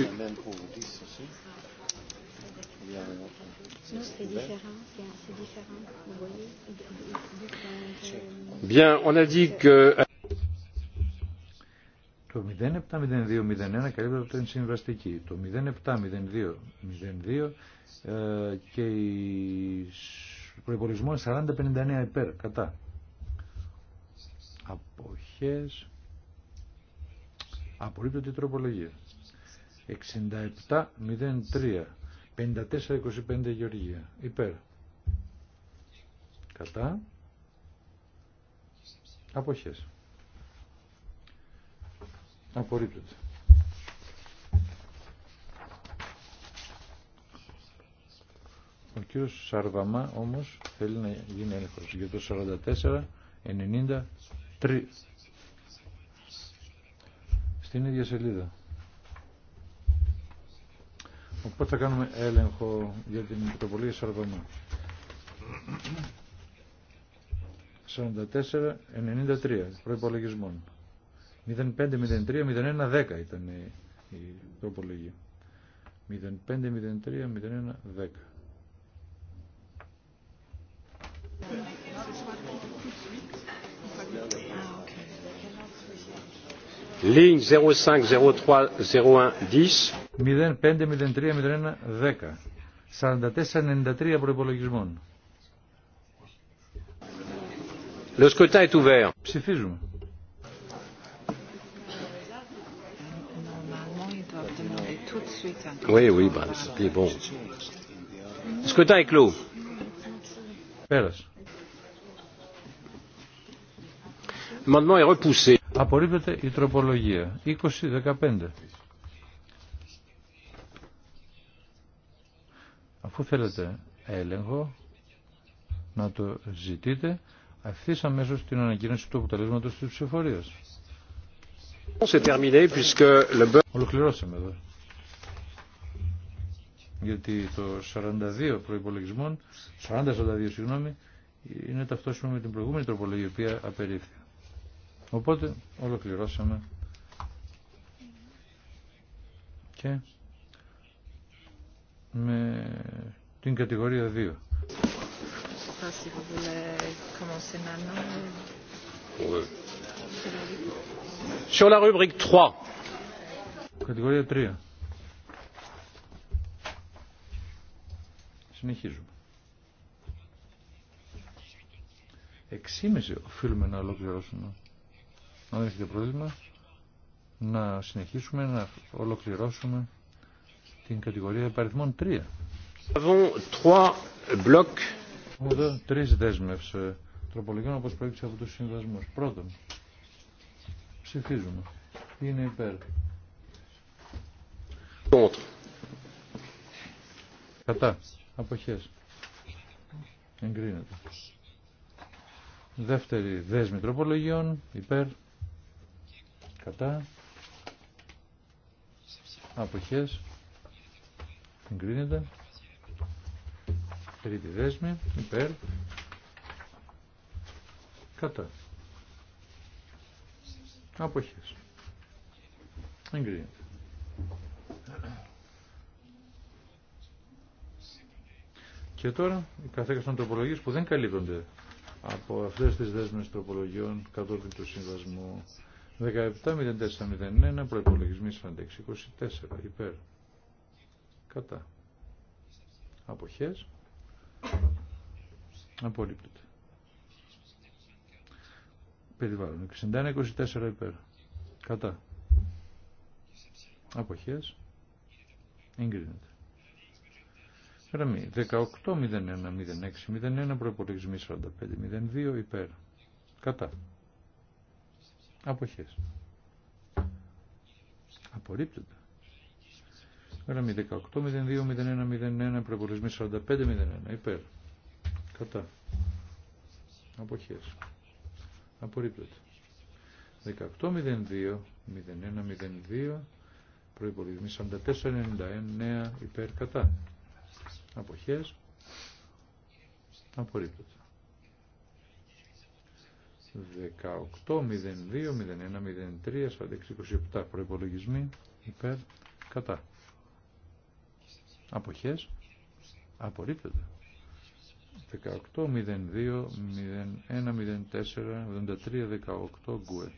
Bien, on a dit que. Το 070201 καλύπτεται από την συμβαστική. Το 070202 ε, και η προπολογισμό 4059 υπέρ. Κατά. Αποχές. Απορρίπτωτη τροπολογία. 6703. 5425 Γεωργία. Υπέρ. Κατά. Αποχές. Απορρίπτεται. Ο κύριος Σαρβαμά όμως θέλει να γίνει έλεγχος για το 44-93 στην ίδια σελίδα. Οπότε θα κάνουμε έλεγχο για την Μητροπολία Σαρβαμά. 44-93 προϋπολογισμών. 05, 03, 01, 10 ήταν η, η τροπολογία. 05, 03, 01, 10. Ligne 05-03-01-10 05-03-01-10 44-93 προϋπολογισμών Le scrutin est Ψηφίζουμε. Oui, oui, bah, c'était Πέρασε. Απορρίπτεται η τροπολογία. 20-15. Αφού θέλετε έλεγχο, να το ζητείτε ευθύ αμέσω την ανακοίνωση του αποτελέσματο τη ψηφορία. Ολοκληρώσαμε εδώ γιατί το 42 προϋπολογισμών, 40-42 συγγνώμη, είναι ταυτόσιμο με την προηγούμενη τροπολογία, η οποία απερίφθη. Οπότε ολοκληρώσαμε και με την κατηγορία 2. Euh, Sur la rubrique 3. Κατηγορία 3. Συνεχίζουμε. Εξήμιση οφείλουμε να ολοκληρώσουμε. Αν δεν έχετε πρόβλημα, να συνεχίσουμε να ολοκληρώσουμε την κατηγορία παριθμών 3. Έχουμε εδώ τρεις δέσμευσες ε, τροπολογιών όπως προέκυψε από τους συνδεσμούς. Πρώτον, ψηφίζουμε. Είναι υπέρ. Κατά. Αποχές. Εγκρίνεται. Δεύτερη δέσμη τροπολογιών. Υπέρ. Κατά. Αποχές. Εγκρίνεται. Τρίτη δέσμη. Υπέρ. Κατά. Αποχές. Εγκρίνεται. Και τώρα οι καθέκες των τροπολογίες που δεν καλύπτονται από αυτές τις δέσμες τροπολογιών κατόπιν του συμβασμού 17.04.01 προϋπολογισμή 24 υπέρ κατά αποχές απολύπτεται περιβάλλον 61.24 υπέρ κατά αποχές εγκρίνεται Γραμμή 18-01-06-01 προπολογισμή 45-02 υπέρ. Κατά. Αποχές. Απορρίπτεται. Γραμμή 18-02-01-01 προπολογισμή 45-01 υπέρ. Κατά. Αποχές. Απορρίπτεται. 18-02-01-02 προπολογισμή 44-91 υπέρ. Κατά αποχες απορριπτωτα 18 απορρίπτεται 18-02-01-03-46-27 προϋπολογισμοί υπέρ κατά αποχές απορρίπτεται 18-02-01-04-73-18 γκουε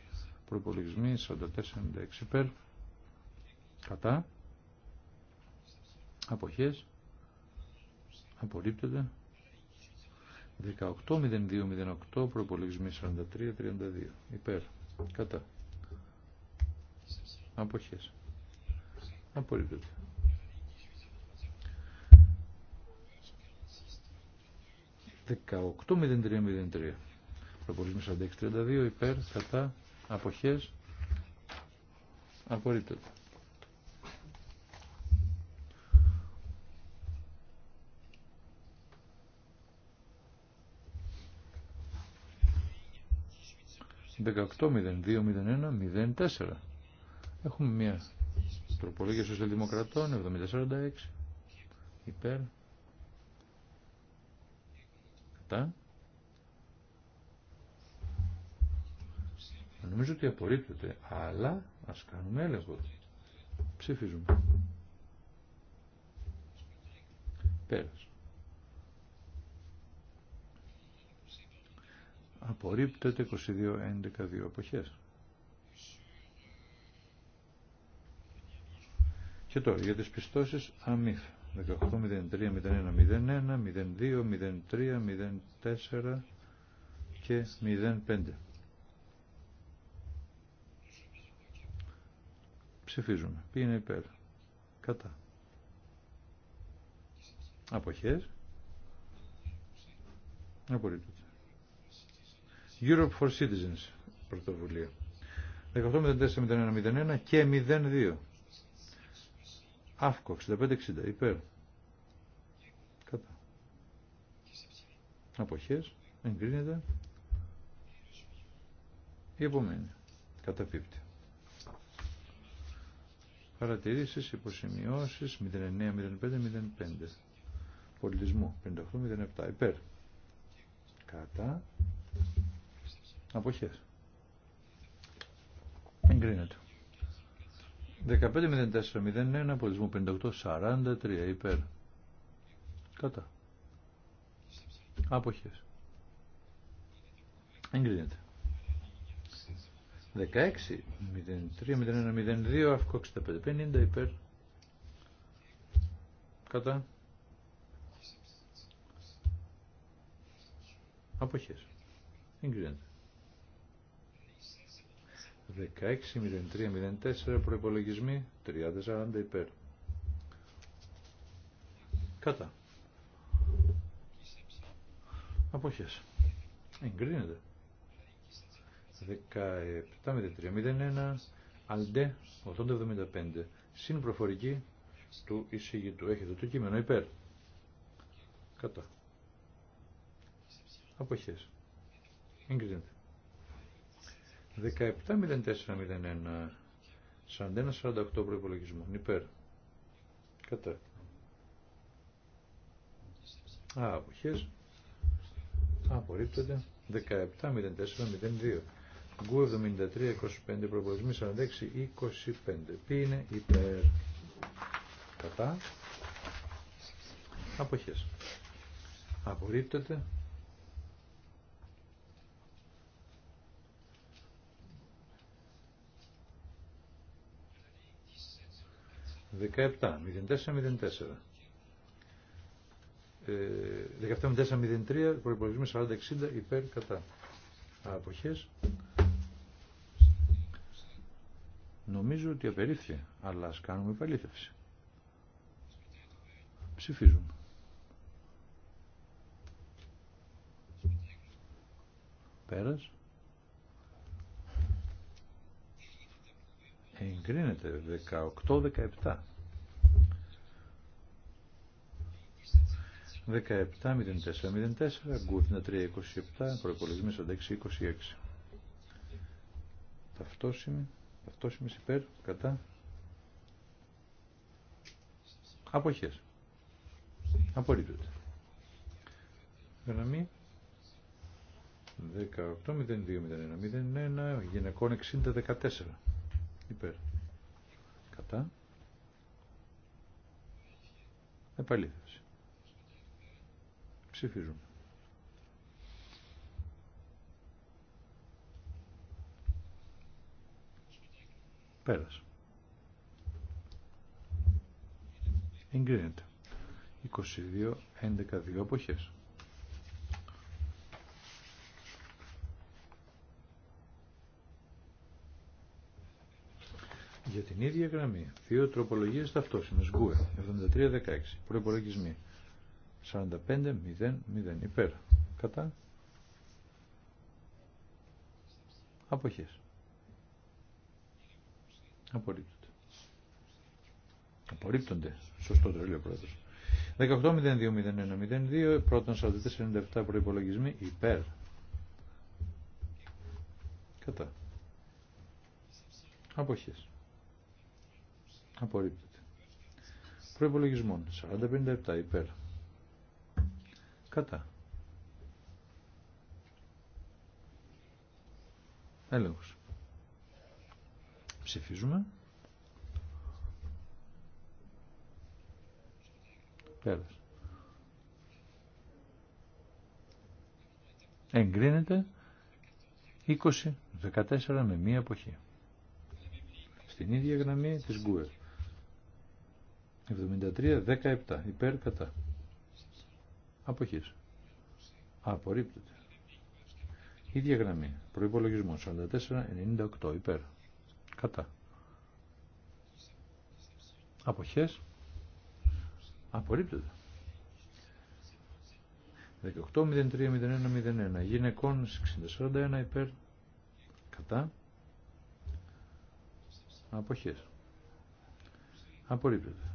προϋπολογισμοί 44-96 υπέρ κατά αποχές απορρίπτεται. 18.02.08 προπολογισμή 43.32 υπέρ κατά αποχές απορρίπτεται. 18.03.03 προπολογισμή 46.32 υπέρ κατά αποχές απορρίπτεται. 18.02.01.04. Έχουμε μια τροπολογία σοσιαλδημοκρατών 7046. Υπέρ. Κατά. Νομίζω ότι απορρίπτεται, αλλά ας κάνουμε έλεγχο. Ψηφίζουμε. Πέρας. Απορρίπτεται 22-11 2 εποχές. Και τώρα για τις πιστώσεις αμύφ. 18-03-01-01-02-03-04 και 05. Ψηφίζουμε. Ποιοι είναι υπέρ. Κατά. Αποχές. Απορρίπτεται. Europe for Citizens πρωτοβουλία. 18.04.01.01 και 02. Αύκο 65.60 υπέρ. Κατά. Αποχές. Εγκρίνεται. Η επομένη. Καταπίπτει. Παρατηρήσεις, υποσημειώσεις 09.05.05 πολιτισμού 58.07 υπέρ. Κατά. Αποχές. Εγκρίνεται. 15.04.01 απολυσμό 58.43 υπέρ. Κατά. Αποχές. Εγκρίνεται. 16.03.01.02 αυκό 65.50 υπέρ. Κατά. Αποχές. Εγκρίνεται. 16.03.04 προϋπολογισμοί 30.40 υπέρ. Κατά. Αποχές. Εγκρίνεται. 17.03.01 Αλντέ 875 Συν προφορική του εισηγητού. Έχετε το κείμενο υπέρ. Κατά. Αποχές. Εγκρίνεται. 17.04.01 41.48 προπολογισμό. Υπέρ. Κατά. Α, αποχές. Απορρίπτονται. 17.04.02 Γκου 73.25 προπολογισμή 46.25 Ποιοι είναι υπέρ. Κατά. Αποχές. Απορρίπτονται. 17.04.04. Ε, 17.04.03 προπολογισμό 40.60 υπέρ κατά. Αποχές. Νομίζω ότι απερίφθη, αλλά ας κάνουμε επαλήθευση. Ψηφίζουμε. Πέρας. εγκρίνεται 18-17 17-04-04 Γκούθινα 3-27 Προπολογισμή 6, Ταυτόσημη Ταυτόσημης υπέρ κατά Αποχές Απορρίπτεται Γραμμή 18-02-01-01 γυναικών 60-14 υπέρ κατά επαλήθευση ψηφίζουμε πέρας εγκρίνεται 22 11 δύο εποχές Για την ίδια γραμμή, δύο τροπολογίες ταυτόσιμες, γκουε, 73-16, προϋπολογισμοί, 45-0-0, υπέρ, κατά, αποχές. Απορρίπτονται. Απορρίπτονται. Σωστό το λέει ο 18-02-01-02. πρώτον 97 προϋπολογισμοί υπέρ. Κατά. Αποχές. Απορρίπτεται. Προϋπολογισμών. 40-57 υπέρ. Κατά. Έλεγχος. Ψηφίζουμε. Πέρας. Εγκρίνεται 20-14 με μία εποχή. Στην ίδια γραμμή της Γκουερ. 73, 17. Υπέρ, κατά. Αποχής. Απορρίπτεται. Ίδια γραμμή. Προϋπολογισμό 44, 98. Υπέρ. Κατά. Αποχές. Απορρίπτεται. 01. Γυναικών 641 υπέρ κατά αποχές. Απορρίπτεται.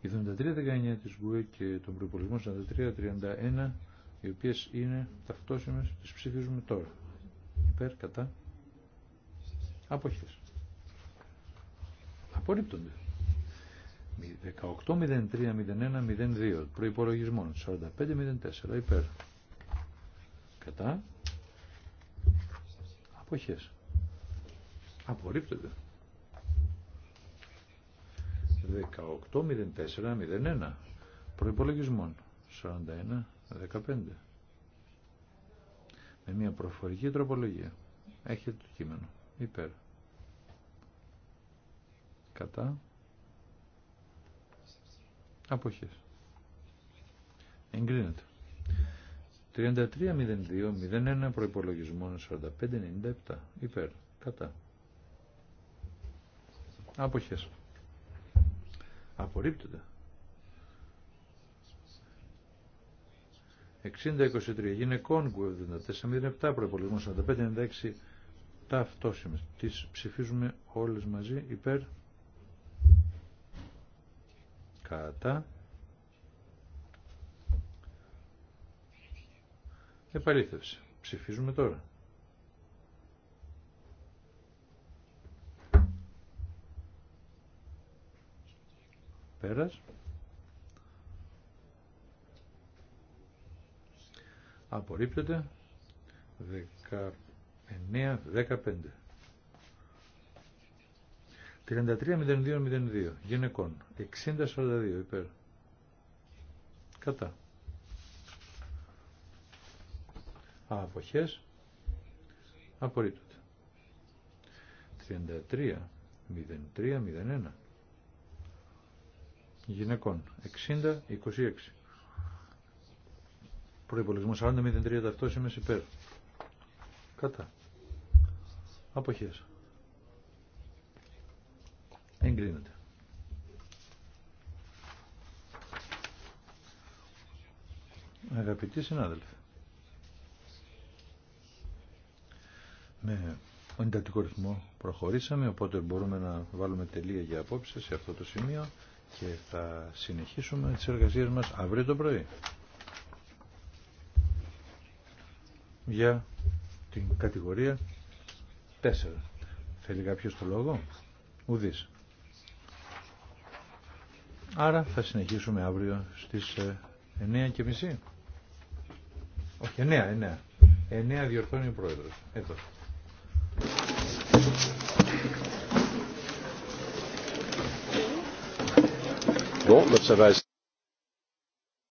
Η 73-19 της ΓΟΕ και τον προπολογισμό 43-31, οι οποίες είναι ταυτόσιμες, τις ψηφίζουμε τώρα. Υπέρ, κατά, αποχές. Απορρίπτονται. 18-03-01-02 προπολογισμο 45-04 υπέρ κατά αποχές Απορρίπτονται. 18.04.01 προϋπολογισμών 41.15 με μια προφορική τροπολογία έχετε το κείμενο υπέρ κατά αποχές εγκρίνεται 33.02.01 προϋπολογισμών 45.97 υπέρ κατά αποχές Απορρίπτεται. 60-23 γυναικών 74-07 προπολογισμό 45-96 ταυτόσιμες. Τις ψηφίζουμε όλες μαζί υπέρ κατά επαλήθευση. Ψηφίζουμε τώρα. πέρας. Απορρίπτεται 19-15. 33-02-02 γυναικών 60-42 υπέρ κατά αποχές απορρίπτεται 33-03-01 γυναικών. 60-26. Προπολογισμό 40-03 ταυτόσημες ειμαι υπερ Κατά. Αποχέ. Εγκρίνεται. Αγαπητοί συνάδελφοι. Με εντατικό ρυθμό προχωρήσαμε, οπότε μπορούμε να βάλουμε τελεία για απόψε σε αυτό το σημείο και θα συνεχίσουμε τις εργασίες μας αύριο το πρωί για την κατηγορία 4. Θέλει κάποιος το λόγο? Ουδής. Άρα θα συνεχίσουμε αύριο στις ε, μισή. Όχι, 9, 9. 9 διορθώνει ο πρόεδρος. Εδώ. bon, l'observation.